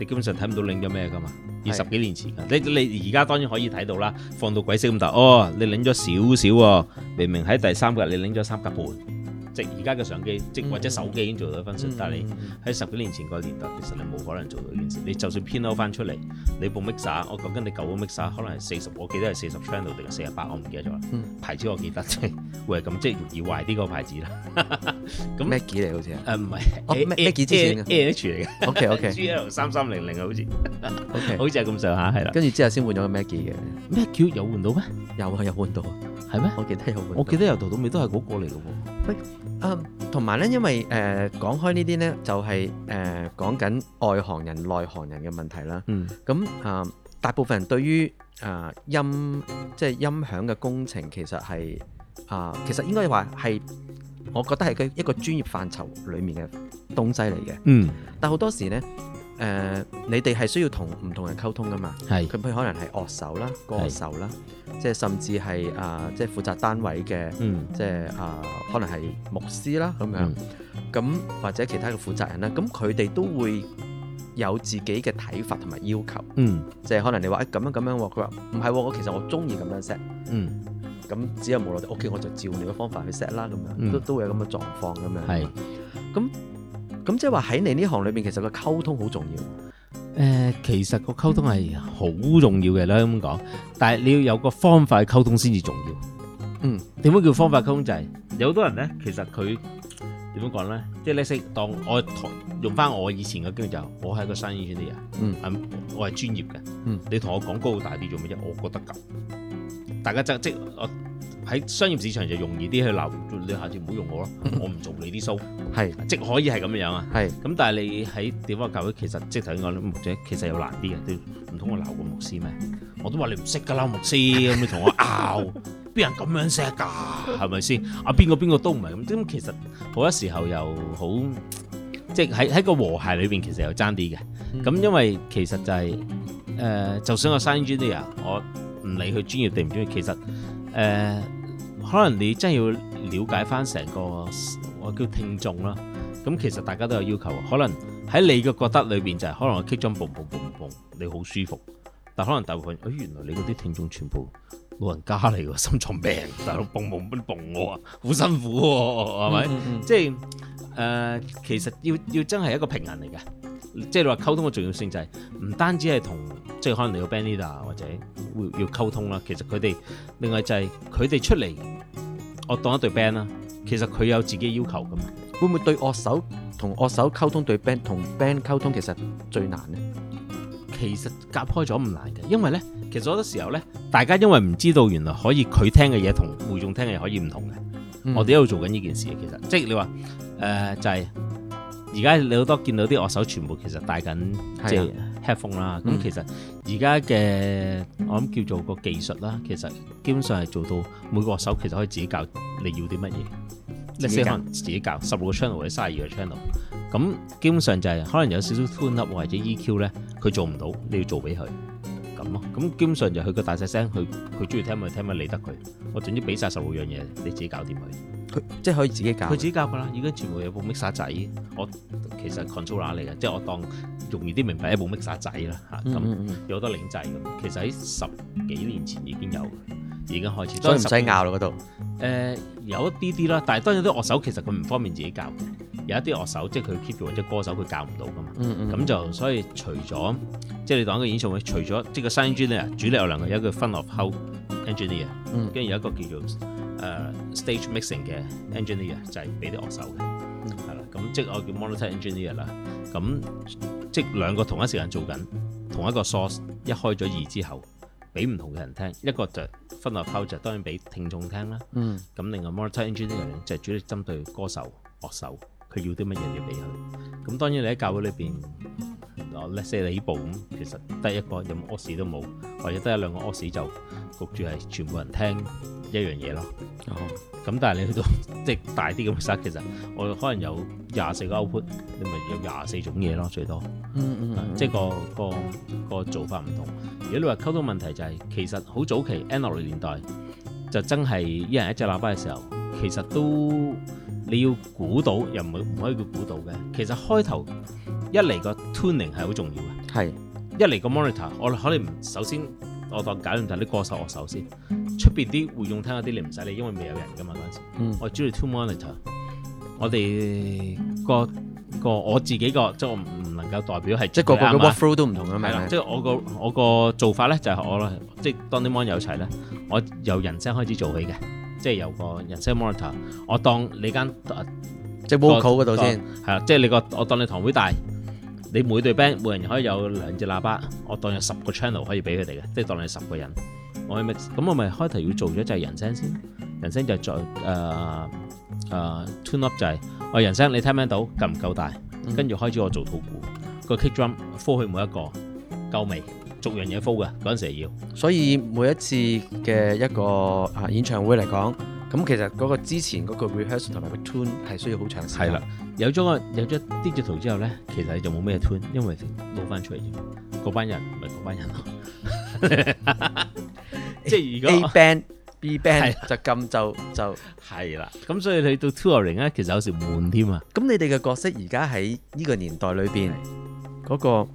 Speaker 2: 你基本上睇唔到領咗咩㗎嘛。二十幾年前你，你你而家當然可以睇到啦，放到鬼死咁大，哦，你領咗少少喎，明明喺第三日你領咗三格半。即係而家嘅相機，即係或者手機已經做到分析，但係你喺十幾年前個年代，其實你冇可能做到呢件事。你就算偏撈翻出嚟，你部 Mixer，我講緊你舊個 Mixer 可能係四十，我記得係四十 channel 定係四十八，我唔記得咗。牌子我記得即係，會係咁即係容易壞啲個牌子啦。咁 Mackie 嚟好似啊？誒唔係，我 Mackie 之前嘅 A&H 嚟嘅。O K O K。GL 三三零零啊，好似。O K。好似係咁上下係啦。跟住之後先換咗個
Speaker 1: Mackie 嘅。Mackie 有換到咩？有啊，有換到。係咩？我記得有換到。我記得由頭到尾都係嗰個嚟嘅喎。啊、嗯，同埋咧，因為誒講、呃、開呢啲呢，就係誒講緊外行人內行人嘅問題啦。嗯，咁啊、呃，大部分人對於啊、呃、音即係音響嘅工程，其實係啊、呃，其實應該話係，我覺得係一個專業範疇裏面嘅東西嚟嘅。嗯，但好多時呢。誒、呃，你哋係需要同唔同人溝通噶嘛？係。咁譬如可能係樂手啦、歌手啦，即係甚至係啊、呃，即係負責單位嘅、嗯，即係啊、呃，可能係牧師啦咁、嗯、樣，咁或者其他嘅負責人啦，咁佢哋都會有自己嘅睇法同埋要求。嗯。即係可能你話誒咁樣咁樣喎，佢話唔係喎，我、哦、其實我中意咁樣 set。嗯。咁只有無奈就 OK，我就照你嘅方法去 set 啦，咁樣、嗯、都都會有咁嘅狀況咁樣。係。咁。嗯咁即係話，喺你呢行裏
Speaker 2: 面，其實個溝通好重要。誒、呃，其實個溝通係好重要嘅啦，咁、嗯、講。但係你要有個方法去溝通先至重要。嗯，點樣叫方法溝通就係、是，有好多人咧，其實佢點樣講咧，即係咧，識、就是、當我用翻我以前嘅經驗就，我係一個生意圈啲人，嗯，我係專業嘅，嗯，你同我講高大啲做咩啫？我覺得咁。大家即即，我喺商業市場就容易啲去鬧你，下次唔好用我咯，我唔做你啲 show，係即可以係咁樣啊。係咁，但係你喺地方教會，其實即頭先講啲牧者，其實有難啲嘅。都唔通我鬧個牧師咩？我都話你唔識㗎啦，牧師咁你同我拗，邊 人咁樣識㗎？係咪先？啊邊個邊個都唔係咁。咁其實好多時候又好，即喺喺個和諧裏邊，其實又爭啲嘅。咁因為其實就係、是、誒、呃，就算我 sign engineer，我。唔理佢專業定唔專業，其實誒、呃、可能你真係要了解翻成個我叫聽眾啦。咁其實大家都有要求，可能喺你嘅覺得裏邊就係、是、可能我激咗嘣嘣嘣嘣，你好舒服。但可能大部分、哎、原來你嗰啲聽眾全部老人家嚟喎，心臟病，大佬嘣嘣嘣嘣我啊好辛苦喎、啊，係咪？嗯嗯嗯，即係誒、呃、其實要要真係一個平衡嚟嘅。即係你話溝通嘅重要性就係唔單止係同即係可能你個 band leader 或者會要溝通啦，其實佢哋另外就係佢哋出嚟，我當一對 band 啦。其實佢有自己要求㗎嘛，會唔會對樂手同樂手溝通，對 band 同 band 溝通其實最難呢？其實隔開咗唔難嘅，因為呢，其實好多時候呢，大家因為唔知道原來可以佢聽嘅嘢同會眾聽嘅嘢可以唔同嘅，嗯。我哋一路做緊呢件事其實即係你話誒就係、是。呃就是而家你好多見到啲樂手全部其實戴緊即係 headphone 啦，咁其實而家嘅我諗叫做個技術啦，其實基本上係做到每個樂手其實可以自己教你要啲乜嘢，
Speaker 1: 即係可能
Speaker 2: 自己教十六個 channel 或者三十二個 channel，咁基本上就係可能有少少 tune up 或者 EQ 咧，佢做唔到，你要做俾佢咁咯。咁基本上就佢個大細聲，佢佢中意聽咪聽咪，理得佢。我總之俾晒十六樣嘢，你自己搞掂佢。佢即係可以自己教的，佢自己教噶啦，已經全部有部 mixer 仔。我其實 controller 嚟嘅，即係我當容易啲明白一部 mixer 仔啦嚇。咁、嗯嗯嗯、有好多領掣咁，其實喺十幾年前已經有，已經開始。所以唔使拗咯嗰度。誒、呃，有一啲啲啦，但係當然啲樂手其實佢唔方便自己教，有一啲樂手即係佢 keep 住，或者歌手佢教唔到噶嘛。咁、嗯嗯嗯嗯、就所以除咗即係你當一個演唱會，除咗即個個主咧，主力有兩個，有一個分樂 engineer，跟住有一個叫做誒、呃、stage mixing 嘅 engineer，就係俾啲樂手嘅，係、嗯、啦。咁即係我叫 monitor engineer 啦。咁即係兩個同一時間做緊，同一個 source 一開咗二之後，俾唔同嘅人聽。一個就是、分落口就 o 當然俾聽眾聽啦。咁、嗯、另外 monitor engineer 咧，就係主力針對歌手、樂手，佢要啲乜嘢你俾佢。咁當然你喺教會裏邊。嗯哦，叻死你起步咁，其實得一個任都有屙屎都冇，或者得一兩個屙屎就焗住係全部人聽一樣嘢咯。哦，咁但係你去到即係大啲咁嘅室，其實我可能有廿四個 output，你咪有廿四種嘢咯，最多。嗯嗯，嗯，即係個個個做法唔同。如果你話溝通問題就係、是，其實好早期 N 六年代就真係一人一隻喇叭嘅時候，其實都。你要估到又唔會唔可以叫估到嘅。其實開頭一嚟個 tuning 係好重要嘅。係一嚟個 monitor，我可能首先我當搞掂曬啲歌手我首先。出邊啲會用聽嗰啲你唔使理，因為未有人㗎嘛嗰陣時。我主要 two monitor，我哋個個我自己個即係、就是、我唔能夠代表係即係個個 workflow 都唔同啊嘛。即係、就是、我個我個做法咧就係我即係、就是、當啲 mon 有齊咧，我由人聲開始做起嘅。即係有個人聲 monitor，我當你間即係 vocal 嗰度先係啦，即係你個我當你堂會大、嗯，你每隊 band 每人可以有兩隻喇叭，我當有十個 channel 可以俾佢哋嘅，即係當你十個人，我咪咁我咪開頭要做咗就係人聲先，嗯、人聲就再誒誒 turn up 就係、是、我、哦、人聲你聽唔聽到夠唔夠大，跟、嗯、住開始我做套鼓、嗯那個 kick drum 分去每一個夠未？夠逐樣嘢敷噶嗰陣時要，所
Speaker 1: 以每一次嘅一個啊演唱會嚟講，咁其實嗰個之前嗰
Speaker 2: 個 rehearsal 同埋個 tune 係需要好長時間。係啦，有咗個有咗 digital 之後咧，其實就冇咩 tune，因為老翻出嚟啫。嗰班人唔係嗰班人咯。即係如果 A band、B band 就咁就就係啦。咁所以去到 touring 咧，其實有時悶添啊。咁你哋嘅角
Speaker 1: 色而家喺呢個年代裏邊嗰個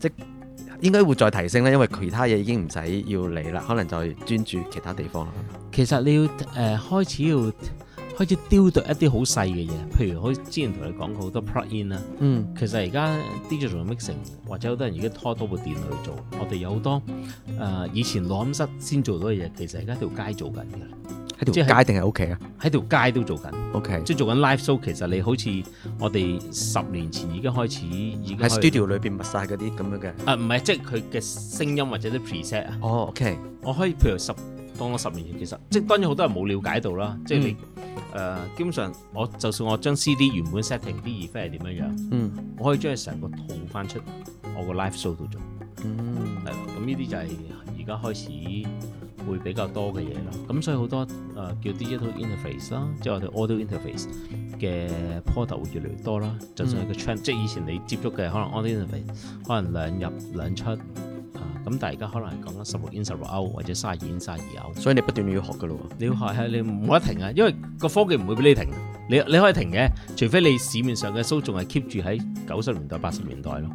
Speaker 1: 即？應該會再提升咧，因為其他嘢已
Speaker 2: 經唔使要理啦，可能就專注其他地方啦。其實你要誒、呃、開始要開始雕琢一啲好細嘅嘢，譬如好似之前同你講過好多 plug in 啦。嗯，其實而家 digital mixing 或者好多人而家拖多部電腦去做，我哋有好多誒、呃、以前錄音室先做到嘅嘢，其實而家條街做緊嘅。
Speaker 1: 喺條街定係屋企啊？
Speaker 2: 喺條街都做緊，OK。即係做緊 live show，其實你好似我哋十年前已經開始，已經喺 studio 裏邊密晒嗰啲咁樣嘅。啊，唔係，即係佢嘅聲音或者啲 preset 啊。哦，OK。我可以譬如十，當我十年前，其實即係當然好多人冇了解到啦。即係你誒，嗯，呃，基本上我就算我將 CD 原本 setting 啲耳返係點樣樣，嗯，我可以將佢成個套翻出我個 live show 度做。嗯，係啦，咁呢啲就係而家開始會比較多嘅嘢咯，咁所以好多誒、呃、叫 digital interface 啦、啊，即係我哋 a u t o interface 嘅 portal 會越嚟越多啦、嗯。就算係個 trend，嗯、即係以前你接觸嘅可能 a u t i o interface 可能兩入兩出啊，咁但係而家可能係講緊十六 in 十六歐或者卅二 in 卅二歐。所以你不斷要學㗎咯，你要學啊、嗯，你唔冇得停啊、嗯，因為個科技唔會俾你停，你你可以停嘅，除非你市面上嘅 s 數仲係 keep 住喺九十年代、八十年代咯。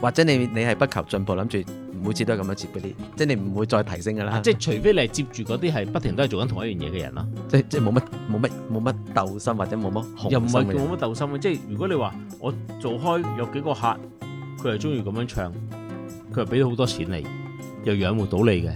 Speaker 2: 或者你你係不求進步，諗住每次都係咁樣接嗰啲，
Speaker 1: 即係你唔會再提升㗎喇。即係
Speaker 2: 除非你係接住嗰啲係不停都係做緊同一樣嘢嘅人囉。
Speaker 1: 即即係冇乜冇乜冇乜鬥心，或者冇乜，
Speaker 2: 又唔係叫冇乜鬥心。即係如果你話我做開有幾個客，佢係中意咁樣唱，佢係俾咗好多錢你，又養活到你嘅，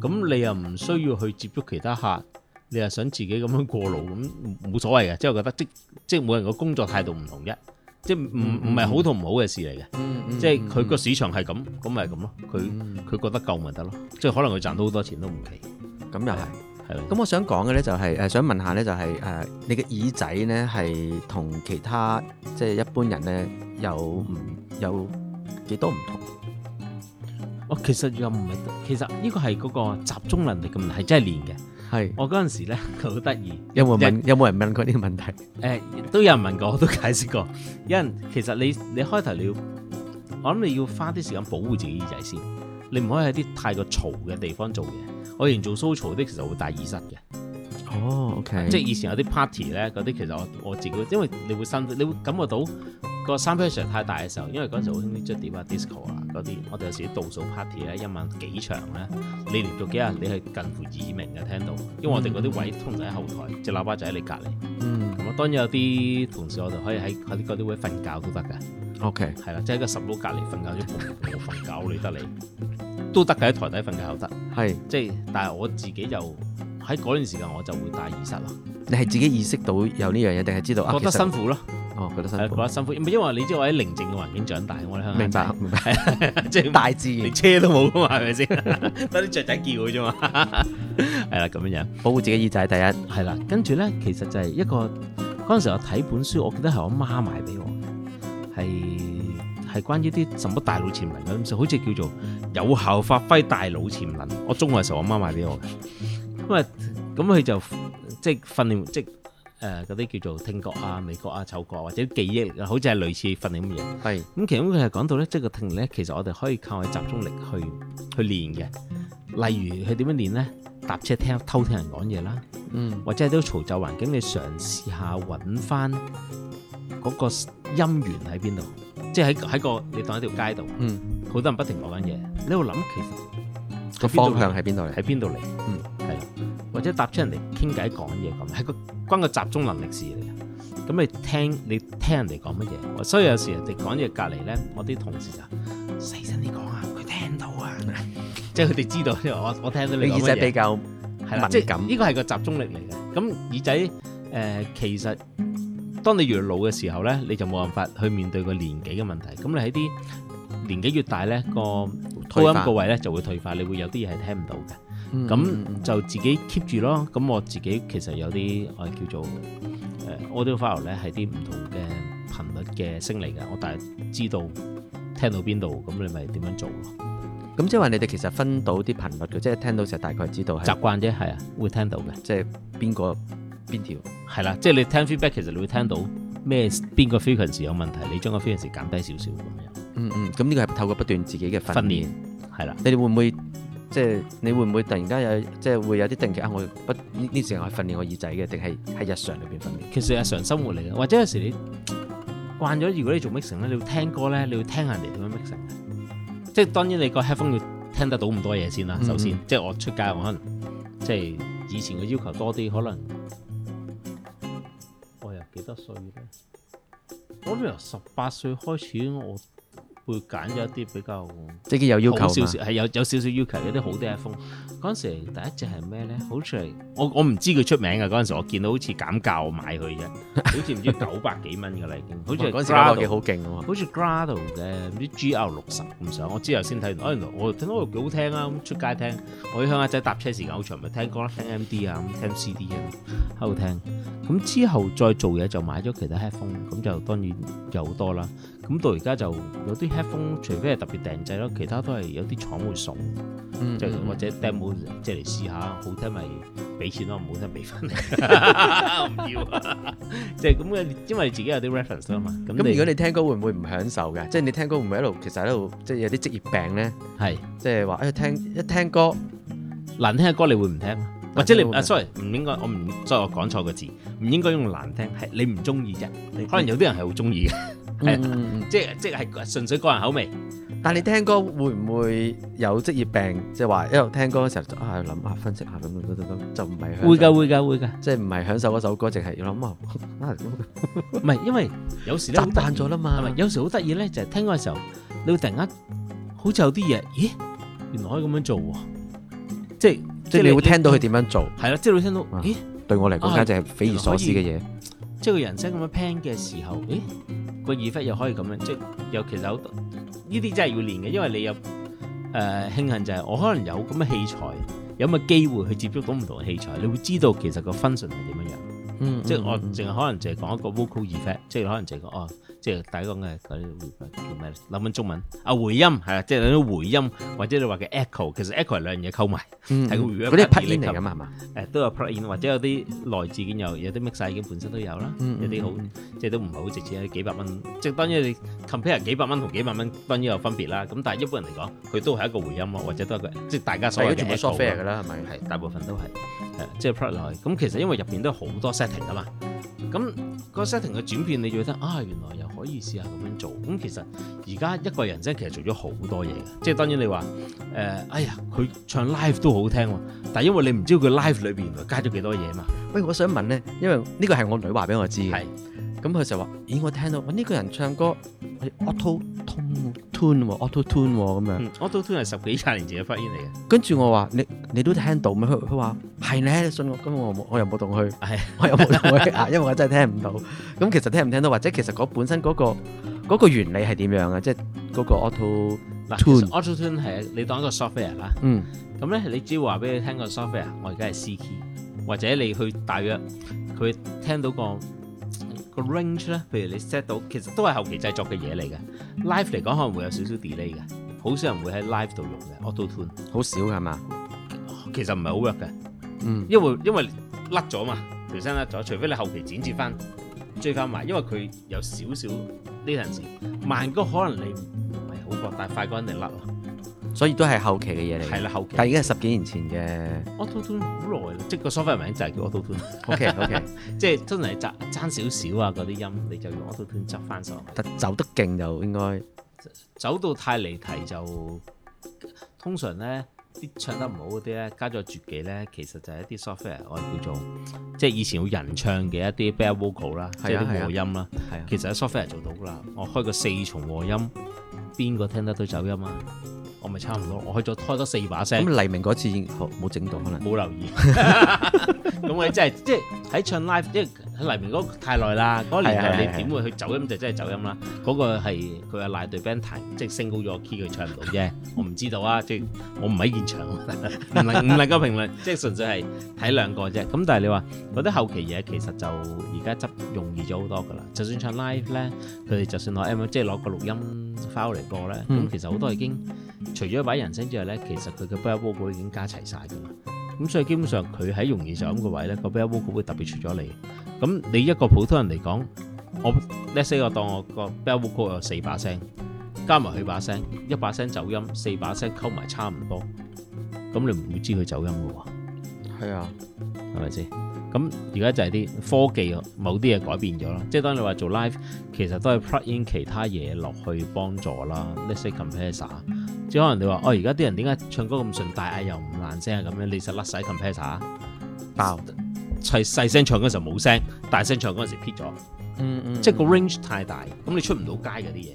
Speaker 2: 咁你又唔需要去接觸其他客，你又想自己咁樣過勞，咁冇所謂嘅，即我覺得，即即係每人個工作態度唔同啫。即係唔唔係好同唔好嘅事嚟嘅、嗯嗯，即係佢個市場係咁，咁咪係咁咯。佢佢、嗯、覺得夠咪得咯，即係可能佢賺到好多錢都唔奇。咁又係，咁我想講嘅咧就係、是、誒、呃，想
Speaker 1: 問下咧就係、是、誒、呃，你嘅耳仔咧係同其他即係、就是、一般人
Speaker 2: 咧有唔有幾多唔同？我、哦、其實又唔係，其實呢個係嗰個集中能力嘅問題，係真係練嘅。係，我嗰陣時咧佢好得意。有冇問？有冇人問過呢個問題？誒、呃，都有人問過，我都解釋過。因為其實你你開頭要，我諗你要花啲時間保護自己耳仔先。你唔可以喺啲太過嘈嘅地方做嘢。我以前做騷嘈啲，其實會戴耳塞嘅。
Speaker 1: 哦，OK。即係以
Speaker 2: 前有啲 party 咧，嗰啲其實我我自己，因為你會新，你會感覺到。個三 pressure 太大嘅時候，因為嗰陣時好興啲 jazz 啊、嗯、disco 啊嗰啲，我哋有時啲倒數 party 咧，一晚幾場咧，你連續幾日你係近乎耳鳴嘅聽到，因為我哋嗰啲位通常喺後台，隻、嗯、喇叭就喺你隔離。嗯。咁啊當然有啲同事我哋可以喺啲嗰啲位瞓覺都得㗎。O、嗯、K。係、okay、啦，即係喺個十樓隔離瞓覺都瞓覺你得你 都得㗎喺台底瞓覺又得。係。即、就、係、是，但係我自己就喺嗰段時間我就會帶耳塞咯。
Speaker 1: 你係自己意識到有呢樣嘢，定係知道？覺得辛苦
Speaker 2: 咯。係覺、覺得辛苦，因為你知我喺寧靜嘅環境長大，我喺鄉下長大，即係大自然，車都冇噶嘛，係咪先？得 啲雀仔叫啫嘛，係啦咁樣樣。保護自己耳仔第一，係啦。跟住咧，其實就係一個嗰陣時我睇本書，我記得係我媽、媽買俾我，係係關於啲什麼大腦潛能咁，好似叫做有效發揮大腦潛能。我中學嘅時候，我媽買俾我嘅，因為咁佢就即係訓練即。誒嗰啲叫做聽覺啊、味覺啊、嗅覺、啊、或者記憶，好似係類似訓練咁嘅。係，咁其實佢係講到咧，即、這、係個聽咧，其實我哋可以靠佢集中力去去練嘅。例如佢點樣練咧？搭車聽偷聽人講嘢啦，嗯，或者喺啲嘈雜環境，你嘗試下揾翻嗰個音源喺邊度，即係喺喺個你當喺條街度，嗯，好、嗯、多人不停講緊嘢，你喺度諗其實個方向喺邊度嚟？喺邊度嚟？嗯，係。或者搭出人哋傾偈講嘢咁，係個關個集中能力事嚟。咁你聽你聽人哋講乜嘢？所以有時人哋講嘢隔離咧，我啲同事就細聲啲講啊，佢聽到啊，即係佢哋知道。我我聽到你，你耳仔比較敏感，呢個係個集中力嚟嘅。咁耳仔誒、呃，其實當你越老嘅時候咧，你就冇辦法去面對個年紀嘅問題。咁你喺啲年紀越大咧，個高音個位咧就會退化，你會有啲嘢係聽唔到嘅。咁、嗯嗯嗯、就自己 keep 住咯。咁我自己其實有啲我係叫做誒 audio file 咧，係啲唔同嘅頻率嘅聲嚟嘅。我大致知道聽到邊度，咁你咪點樣做？咁即係話你哋其實分到啲頻率嘅，即係聽到時候大概知道習慣啫，係啊，會聽到嘅。即係邊個邊條？係啦，即係你聽 feedback，其實你會聽到咩邊個 frequency 有問題，你將個 frequency 減低少少咁樣。嗯嗯，咁呢個係透過不斷自己嘅訓練係啦。你哋會唔會？
Speaker 1: 即係你會唔會突然間有即係會有啲定期啊？我呢呢時我係訓練我耳仔嘅，
Speaker 2: 定係喺日常裏邊訓練？其實日常生活嚟嘅，嗯、或者有時你慣咗，如果你做 mixing 咧，你會聽歌咧，你會聽人哋點樣 mixing 嘅。嗯、即係當然你個 headphone 要聽得到咁多嘢先啦。嗯、首先，即係我出街，我可能即係以前嘅要求多啲，可能我由幾多歲咧？我，我都由十八歲開始，我。會揀咗一啲比較即係有要求嘛？係有有少少要求，有啲好啲 headphone。嗰陣時第一隻係咩咧？好似，我我唔知佢出名啊。嗰陣時我見到好似減價買佢啫，好似唔知九百幾蚊噶啦已經。好似嗰陣時 grade 幾好勁啊嘛，好似 Grado 嘅唔知 GR 六十咁上。我之後先睇到，哎原來我聽到幾好聽啊！出街聽，我啲鄉下仔搭車時間好長咪聽歌啦，聽 M D 啊咁，聽 C D 啊，喺度聽。咁之後再做嘢就買咗其他 headphone，咁就當然有好多啦。咁到而家就有啲 headphone，除非係特別訂製咯，其他都係有啲廠會送，即、嗯、係、嗯嗯、或者掟部即嚟試下，好聽咪俾錢咯，唔好聽俾翻，唔 不要。即係咁嘅，因為自己有啲 reference 啊嘛。咁、嗯、如果你聽歌會唔
Speaker 1: 會唔享受嘅？即、就、係、是、你聽歌會唔會喺度？其實喺度，即、就、係、是、有啲職業病咧？係即係話，哎聽
Speaker 2: 一聽歌難聽嘅歌，你會唔聽，聽，聽？或者你、啊啊、sorry，唔應該，我唔 sorry 我講錯個字，唔應該用難聽，係你唔中意啫。可能有啲人係好中意嘅。嗯，嗯，即係即係純粹個人口味。
Speaker 1: 但你聽歌會唔會有職業病？即係話一路聽歌嘅時候就，啊諗下分析下，諗諗就唔係會噶會噶會噶，即係唔係享受嗰首歌，淨係諗
Speaker 2: 啊，唔係因為有時習慣咗啦嘛，有時好得意咧，就係、是、聽歌嘅時候，你會突然間好似有啲嘢，咦，原來可以咁樣做、啊，即係即係你會聽到佢點樣做，係啦、嗯，即係會聽到，咦，對我嚟講、啊、簡直係匪夷所思嘅嘢，即係個人生咁樣 plan 嘅時候，誒。個 effect 又可以咁樣，即係又其實好多呢啲真係要練嘅，因為你有誒、呃、慶幸就係、是、我可能有咁嘅器材，有咁嘅機會去接觸到唔同嘅器材，你會知道其實個 function 係點樣樣。嗯，嗯，嗯，即係我淨係可能淨係講一個 vocal effect，即係可能淨係講哦。即係第一講嘅嗰啲叫咩？諗緊中文啊，回音係啊，即係嗰啲回音，或者你話嘅 echo，其實 echo 係兩樣嘢溝埋，係、嗯、回音嗰啲 plugin 嚟㗎嘛，誒都有 plugin，或者有啲內置嘅有，有啲 mixer 曬已經本身都有啦，有啲好即係都唔係好直接，幾百蚊，即、就、係、是、當然你 compare 幾百蚊同幾百蚊當然有分別啦。咁但係一般人嚟講，佢都係一個回音咯，或者都係即係大家所 echo，有嘅 software 㗎啦，係咪係大部分都係即係 plugin。咁、嗯就是嗯嗯、其實因為入邊都好多 setting 㗎嘛，咁個 setting 嘅轉變你就要睇啊，原來有。可以試下咁樣做，咁其實而家一個人聲其實做咗好多嘢嘅，即係當然你話誒、呃，哎呀，佢唱 live 都好聽，但係因為你唔知道佢 live 裏邊原來加咗幾多嘢嘛。喂，我想問
Speaker 1: 咧，因為呢個係我女話俾我知嘅，咁佢就話，咦，我聽到呢個人唱歌係，好似好痛。auto tune 咁樣
Speaker 2: ，auto tune 係、嗯、十幾廿年前嘅發現嚟嘅。
Speaker 1: 跟住我話你你都聽到咩？佢佢話係咧，的你信我。咁我我又冇同佢，我又冇同佢，因為我真係聽唔到。咁其實聽唔聽到，或者其實本身嗰、嗰個、嗰個原理係點樣啊？即係嗰個 auto tune。
Speaker 2: auto tune 係你當一個 software 啦。嗯。咁咧，你只要話俾佢聽個 software，我而家係 C key，或者你去大約佢聽到個。range 咧，譬如你 set 到，其實都係後期製作嘅嘢嚟嘅。live 嚟講可能會有少少 delay 嘅，好少人會喺 live 度用嘅。Auto Tune 好少㗎嘛？其實唔係好 work 嘅，
Speaker 3: 嗯，
Speaker 2: 因為因為甩咗嘛，條聲甩咗，除非你後期剪接翻追翻埋，因為佢有少少呢陣時慢歌可能你唔係好覺得，但係快歌肯定甩咯。
Speaker 1: 所以都係後期嘅嘢嚟，係、
Speaker 2: 嗯、啦後期，但係已經係十
Speaker 1: 幾年前嘅。
Speaker 2: Auto Tune 好耐啦，即係個 software 名就係
Speaker 1: 叫 Auto Tune O K、okay, O、okay, K，
Speaker 2: 即係真係爭爭少少啊！嗰啲音你就用 Auto Tune 執翻上，
Speaker 1: 得走得勁就應該
Speaker 2: 走到太離題就通常咧啲唱得唔好嗰啲咧加咗絕技咧，其實就係一啲 software 我哋叫做即係以前要人唱嘅一啲 backing vocal 啦、啊，即係啲和音啦、啊啊，其實喺 software 做到噶啦。我開過四重和音，邊個聽得到走音啊？我咪差唔多了，我去咗開多四把聲，咁黎明嗰次冇整到，可能冇留意。咁 我們真係 即係在喺唱 live 即。 黎明嗰太耐啦，嗰年代你點會去走音就真係走音啦。嗰個係佢阿賴對 band 彈，即係升高咗 key 佢唱唔到啫。我唔知道啊，即係我唔喺現場，唔能唔能夠評論，即係純粹係睇兩個啫。咁但係你話嗰啲後期嘢其實就而家執容易咗好多㗎啦。就算唱 live 咧，佢哋就算攞 M，即係攞個錄音 file 嚟播咧，咁其實好多已經除咗擺人聲之外咧，其實佢嘅 background 已經加齊曬㗎啦。咁所以基本上佢喺容易走音嗰個位咧，個 bell vocal 會特別出咗嚟。咁你一個普通人嚟講，我 let say 我當我個 bell vocal 有四把聲，加埋佢把聲，一把聲走音，四把聲溝埋差唔多。咁你唔會知佢走音嘅喎。係啊是是，係咪先？咁而家就係啲科技，某啲嘢改變咗啦。即係當你話做 live，其實都係 plug in 其他嘢落去幫助啦。less compressor，即係可能你話哦，而家啲人點解唱歌咁順，大嗌又唔爛聲係咁樣？你實甩晒 compressor，但細聲唱嗰陣時冇聲，大聲唱嗰陣時劈咗。嗯嗯，即係個 range、嗯、太大，咁你出唔到街㗎啲嘢。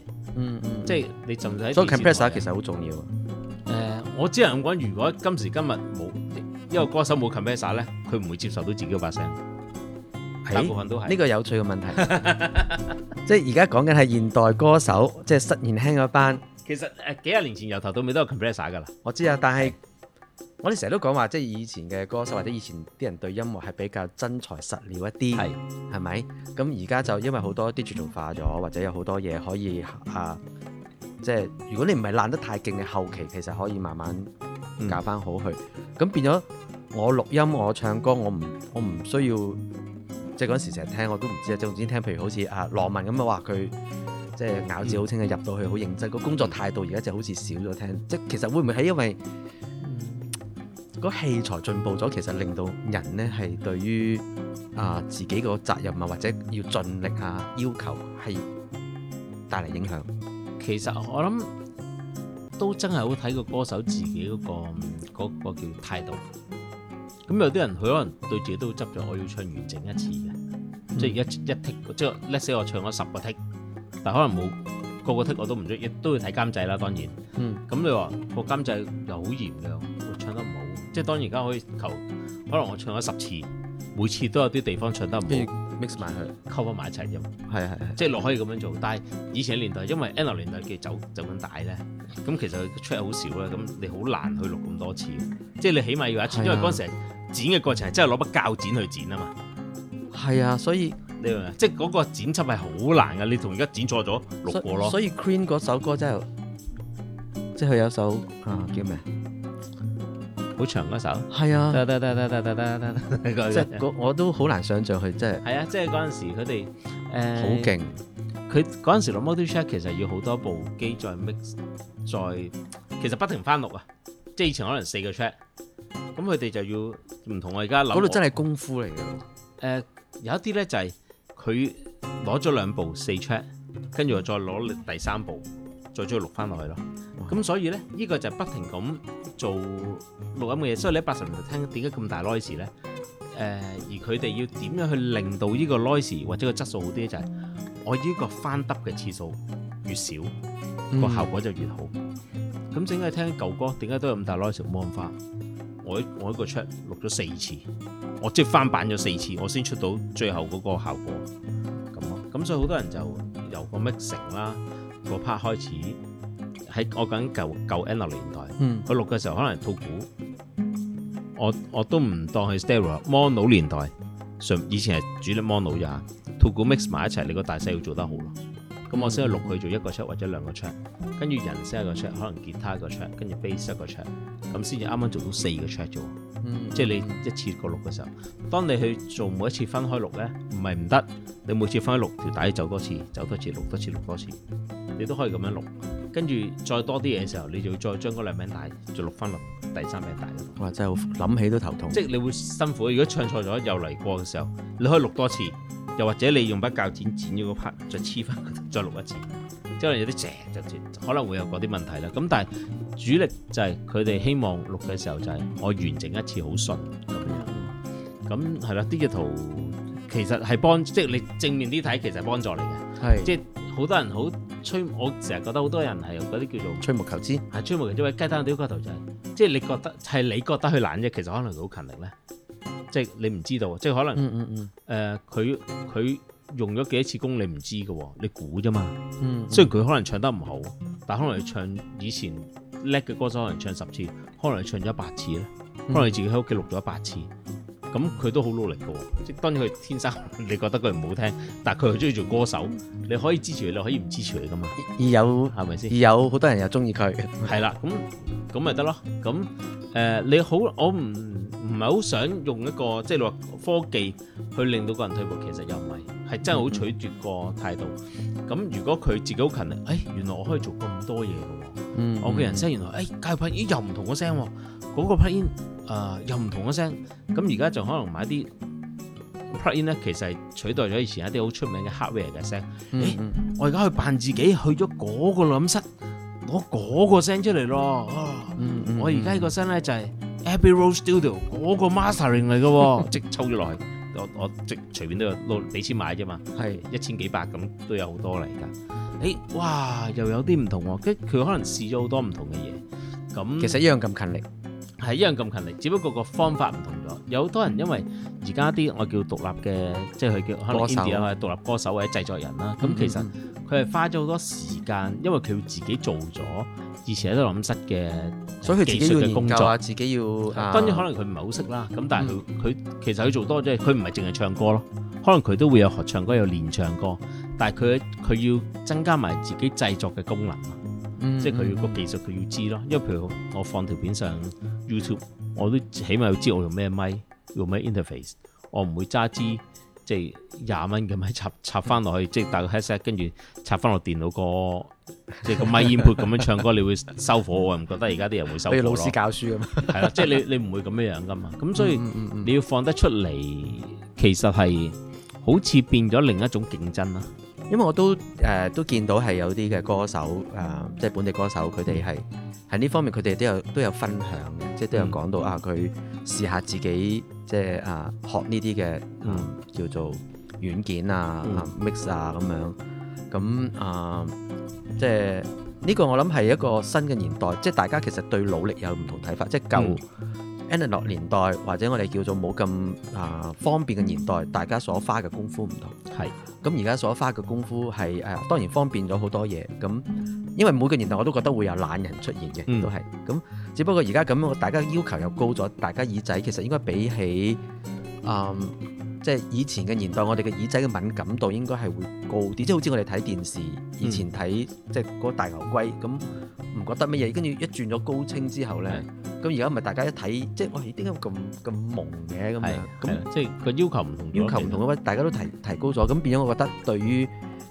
Speaker 2: 即係你甚至係。所以 compressor 其實好重要。誒、呃，我只能講，如果今時今日冇。如果歌手冇 compressor 咧，佢唔會接受到自己嗰把聲，大部分都係呢、這個有
Speaker 1: 趣嘅問題。 即係而家講緊係現代歌手， 即係失年輕嗰班。
Speaker 2: 其實誒，幾廿年前由頭到尾都有 compressor 噶啦，
Speaker 1: 我知啊。但係我哋成日都講話，即係以前嘅歌手或者以前啲人對音樂係比較真材實料一啲，係係咪？咁而家就因為好多一啲自動化咗，或者有好多嘢可以啊，即係如果你唔係爛得太勁嘅後期，其實可以慢慢搞翻好去。咁、嗯、變咗。我錄音，我唱歌，我唔我唔需要，即係嗰陣時成日聽，我都唔知啊。總之聽，譬如好似啊羅文咁啊，話佢即係咬字好清嘅，入到去好認真個工作態度。而家就好似少咗聽，即其實會唔會係因為個器材進步咗，其實令到人呢係對於啊自己個責任啊或者要盡力啊要求係帶嚟影
Speaker 2: 響？其實我諗都真係好睇個歌手自己嗰、嗰個嗰、嗯嗰個叫態度。咁有啲人佢可能對自己都執著，我要唱完整一次嘅、嗯，即係一一剔，即係叻死我唱咗十個剔，但可能冇個個剔我都唔中意，亦都要睇監製啦，當然。咁、嗯、你話個監製又好嚴嘅，我唱得唔好，即係當然而家可以求，可能我唱咗十次，每次都有啲地方唱得唔好。mix 埋佢，溝翻埋一齊咁，係啊係啊，即係落可以咁樣做。係係係，但係以前年代，因為 N 流年代嘅走就咁大咧，咁其實 track 好少啦，咁你好難去錄咁多次。即係你起碼要一次，啊、因為嗰陣時剪嘅過程係真係攞把鉸剪去剪啊嘛。
Speaker 1: 係啊，所
Speaker 2: 以你明，即係嗰個剪輯係好難噶，你同而家剪錯咗錄過咯。所以，所以 Queen 嗰首歌真係，
Speaker 1: 即係佢有首啊叫咩？
Speaker 2: 好長嗰首係啊！即係我我都好難想像佢即係係啊！即係嗰陣時佢哋誒好勁，佢嗰陣時攞 multi track 其實要好多部機，再 mix 再，其實不停翻錄啊！即係以前可能四個 track 咁佢哋就要唔同我而家諗。嗰度真係
Speaker 1: 功夫嚟㗎！
Speaker 2: 誒、呃、有一啲咧就係佢攞咗兩部四 track 跟住我再攞第三部。再將要錄翻落去咯。咁所以咧，呢、這個就不停咁做錄音嘅嘢。所以你喺八十年代聽點解咁大 noise 咧？誒、呃，而佢哋要點樣去令到呢個 noise 或者個質素好啲，就係、是、我呢個翻得嘅次數越少，個效果就越好。咁整係聽舊歌，點解都有咁大 noise？冇辦法，我我一個 track 錄咗四次，我即係翻版咗四次，我先出到最後嗰個效果咁咯。咁所以好多人就由個 mixing 啦。個 part 開始喺我講舊舊 analog 年代，佢錄嘅時候可能係套鼓，我我都唔當係 stereo mono 年代，上以前係主力 mono 咋，套鼓 mix 埋一齊，你個大細要做得好咯。咁我先係錄佢做一個 track 或者兩個 track，跟住人先一個 track 可能吉他一個 track 跟住 bass 一個 track 咁先至啱啱做到四個 track 做。嗯，即係你一次過錄嘅時候，當你去做每一次分開錄呢，唔係唔得。你每次分開錄條帶走多次，走多次錄多次錄多次，錄多次，你都可以咁樣錄。跟住再多啲嘢嘅時候，你就再將嗰兩名帶再錄返落第三名帶。哇，真係
Speaker 1: 諗起都頭痛。即
Speaker 2: 係你會辛苦。如果唱錯咗又嚟過嘅時候，你可以錄多次。又或者你用把鉸剪剪咗嗰 part，再黐翻，再錄一次。即係有啲正，就可能會有嗰啲問題啦。咁但係主力就係佢哋希望錄嘅時候就係我完整一次好順咁樣。咁係啦，啲嘅、這個、圖其實係幫，即係你正面啲睇其實係幫助你嘅。係，即係好多人好吹，我成日覺得好多人係嗰啲叫做吹毛求疵。係吹毛求疵，雞蛋都嗰頭就係、是，即係你覺得係你覺得佢懶啫，其實可能佢好勤力咧。即係你唔知道，即係可能，嗯嗯嗯，佢、呃、佢。用咗幾多次功你唔知㗎喎，你估啫嘛。嗯嗯，雖然佢可能唱得唔好，但可能你唱以前叻嘅歌手可能唱十次，可能你唱咗一百次咧，可能你自己喺屋企錄咗一百次。咁佢都好努力嘅，即係當然佢天生，你覺得佢唔好聽，但係佢又中意做歌手，你可以支持佢，你可以唔支持佢噶嘛？
Speaker 1: 有係咪先？有好多人又中意佢，
Speaker 2: 係啦，咁咁咪得咯。咁誒、呃、你好，我唔唔係好想用一個即係你話科技去令到個人退步，其實又唔係，係真係好取決個態度。咁、嗯、如果佢自己好勤力，誒、哎、原來我可以做咁多嘢
Speaker 1: 嘅喎，我嘅人聲原來
Speaker 2: 誒加入配音又唔同個聲。嗰個 plug-in，誒又唔同嘅聲，咁而家就可能買啲 plug-in 咧，其實係取代咗以前一啲好出名嘅 hardware 嘅聲。誒，我而家去扮自己去咗嗰個錄音室，攞嗰個聲出嚟咯。啊，我而家呢個聲咧就係 Abbey Road Studio 嗰個 mastering 嚟嘅喎，即係抽咗落去。我我即係隨便都有攞，俾錢買啫嘛。係一千幾百咁都有好多啦，而家。誒，哇，又有啲唔同喎，跟佢可能試咗好多唔同嘅嘢。咁其實一樣咁勤力。係一樣咁勤力，只不過個方法唔同咗。有好多人因為而家啲我叫獨立嘅，即係佢叫 Indian, 歌手啦，獨立歌手或者製作人啦。咁、嗯、其實佢係花咗好多時間，因為佢要自己做咗，以前喺度諗失嘅，所以佢自己要工作，自己要。當然可能佢唔係好識啦，咁、嗯、但係佢佢其實佢做多即係，佢唔係淨係唱歌咯。可能佢都會有學唱歌，有練唱歌，但係佢佢要增加埋自己製作嘅功能。嗯嗯、即係佢個技術佢要知咯，因為譬如我放條片上 YouTube，我都起碼要知我用咩咪，用咩 interface，我唔會揸支即係廿蚊嘅咪插插翻落去，嗯就是、大一即係打個 h a s h t 跟住插翻落電腦個即係個咪。煙盤咁樣唱歌， 你會收火，我又唔覺得而家啲人會收火。你老師教書咁，係 啦，即係你你唔會咁樣樣噶嘛，咁所以你要放得出嚟，其實係好似變咗另一種競爭啦。因為我都誒、呃、都見到係有啲嘅歌
Speaker 1: 手誒、呃，即係本地歌手佢哋，佢哋係喺呢方面佢哋都有都有分享嘅，即係都有講到、嗯、啊，佢試下自己即係啊學呢啲嘅叫做軟件啊、嗯、啊 mix 啊咁樣，咁啊、呃、即係呢、呢個我諗係一個新嘅年代，即係大家其實對努力有唔同睇法，即係舊。嗯 Anno 年代或者我哋叫做冇咁啊方便嘅年代，大家所花嘅功夫唔同。係咁而家所花嘅功夫係誒、呃，當然方便咗好多嘢。咁因為每個年代我都覺得會有懶人出現嘅，都、嗯、係。咁只不過而家咁大家要求又高咗，大家耳仔其實應該比起誒。呃即係以前嘅年代，我哋嘅耳仔嘅敏感度應該係會高啲、就是嗯，即係好似我哋睇電視以前睇即係嗰個大牛龜咁，唔覺得乜嘢，跟住一轉咗高清之後咧，咁而家咪大家一睇，即係哇點解咁咁矇嘅咁啊？咁、哎、
Speaker 2: 即係個要求唔同，要求唔同
Speaker 1: 咁，大家都提提高咗，咁變咗，我覺得對於誒、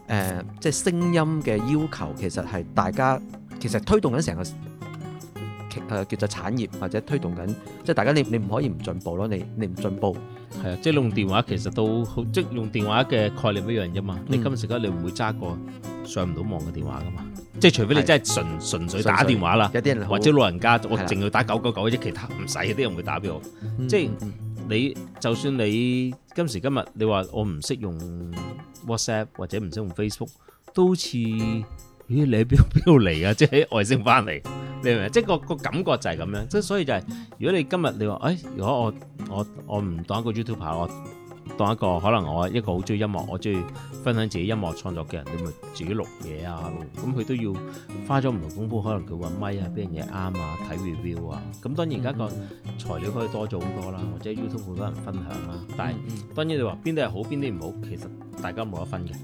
Speaker 1: 呃、即係聲音嘅要求，其實係大家其實推動緊成個。誒叫做產業或者推
Speaker 2: 動緊，即係大家你你唔可以唔進步咯，你你唔進步係啊！即係用電話其實都好，即係用電話嘅概念一樣啫嘛、嗯。你今時今日你唔會揸個上唔到網嘅電話噶嘛？即係除非你真係純純粹打電話啦，有啲人或者老人家我淨要打九九九或者其他唔使啲人會打俾我。嗯、即係你就算你今時今日你話我唔識用 WhatsApp 或者唔識用 Facebook，都好似。咦，你邊度邊度嚟噶，即喺外星翻嚟，你明唔明？即係個個感覺就係咁樣，即係所以就係、是，如果你今日你話，誒、哎，如果我我我唔當一個 YouTuber，我當一個可能我一個好中意音樂，我中意分享自己音樂創作嘅人，你咪自己錄嘢啊，咁佢都要花咗唔同功夫，可能佢揾咪啊，邊嘢啱啊，睇 review 啊，咁當然而家個材料可以多咗好多啦，或者 YouTube 好多人分享啦、嗯，但係、嗯、當然你話邊啲係好，邊啲唔好，其實大家冇得分嘅。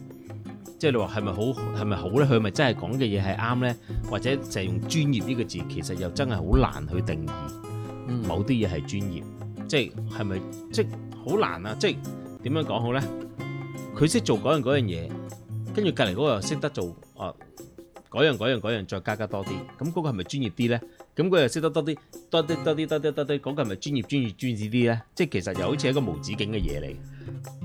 Speaker 2: 即係你話係咪好係咪好咧？佢咪真係講嘅嘢係啱咧？或者就係用專業呢、這個字，其實又真係好難去定義。某啲嘢係專業，即係係咪即係好難啊？即係點樣講好咧？佢識做嗰樣嗰樣嘢，跟住隔離嗰個識得做哦，嗰、啊、樣嗰樣嗰樣再加加多啲，咁嗰個係咪專業啲咧？咁佢又識多啲，多啲多啲多啲多啲多啲，講佢係咪專業專業專業啲咧？即、就、係、是、其實又好似係一個無止境嘅嘢嚟。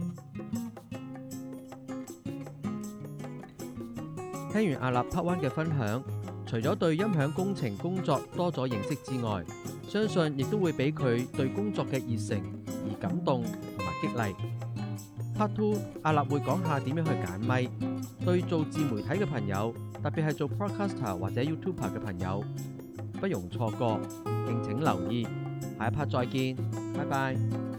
Speaker 2: 聽完阿立 part
Speaker 1: one 嘅分享，除咗對音響工程工作多咗認識之外，相信亦都會俾佢對工作嘅熱誠而感動同埋激勵。part two，阿立會講下點樣去揀咪，對做自媒體嘅朋友，特別係做 podcaster 或者 YouTuber 嘅朋友，不容錯過，敬請留意。下一 part 再見，拜拜。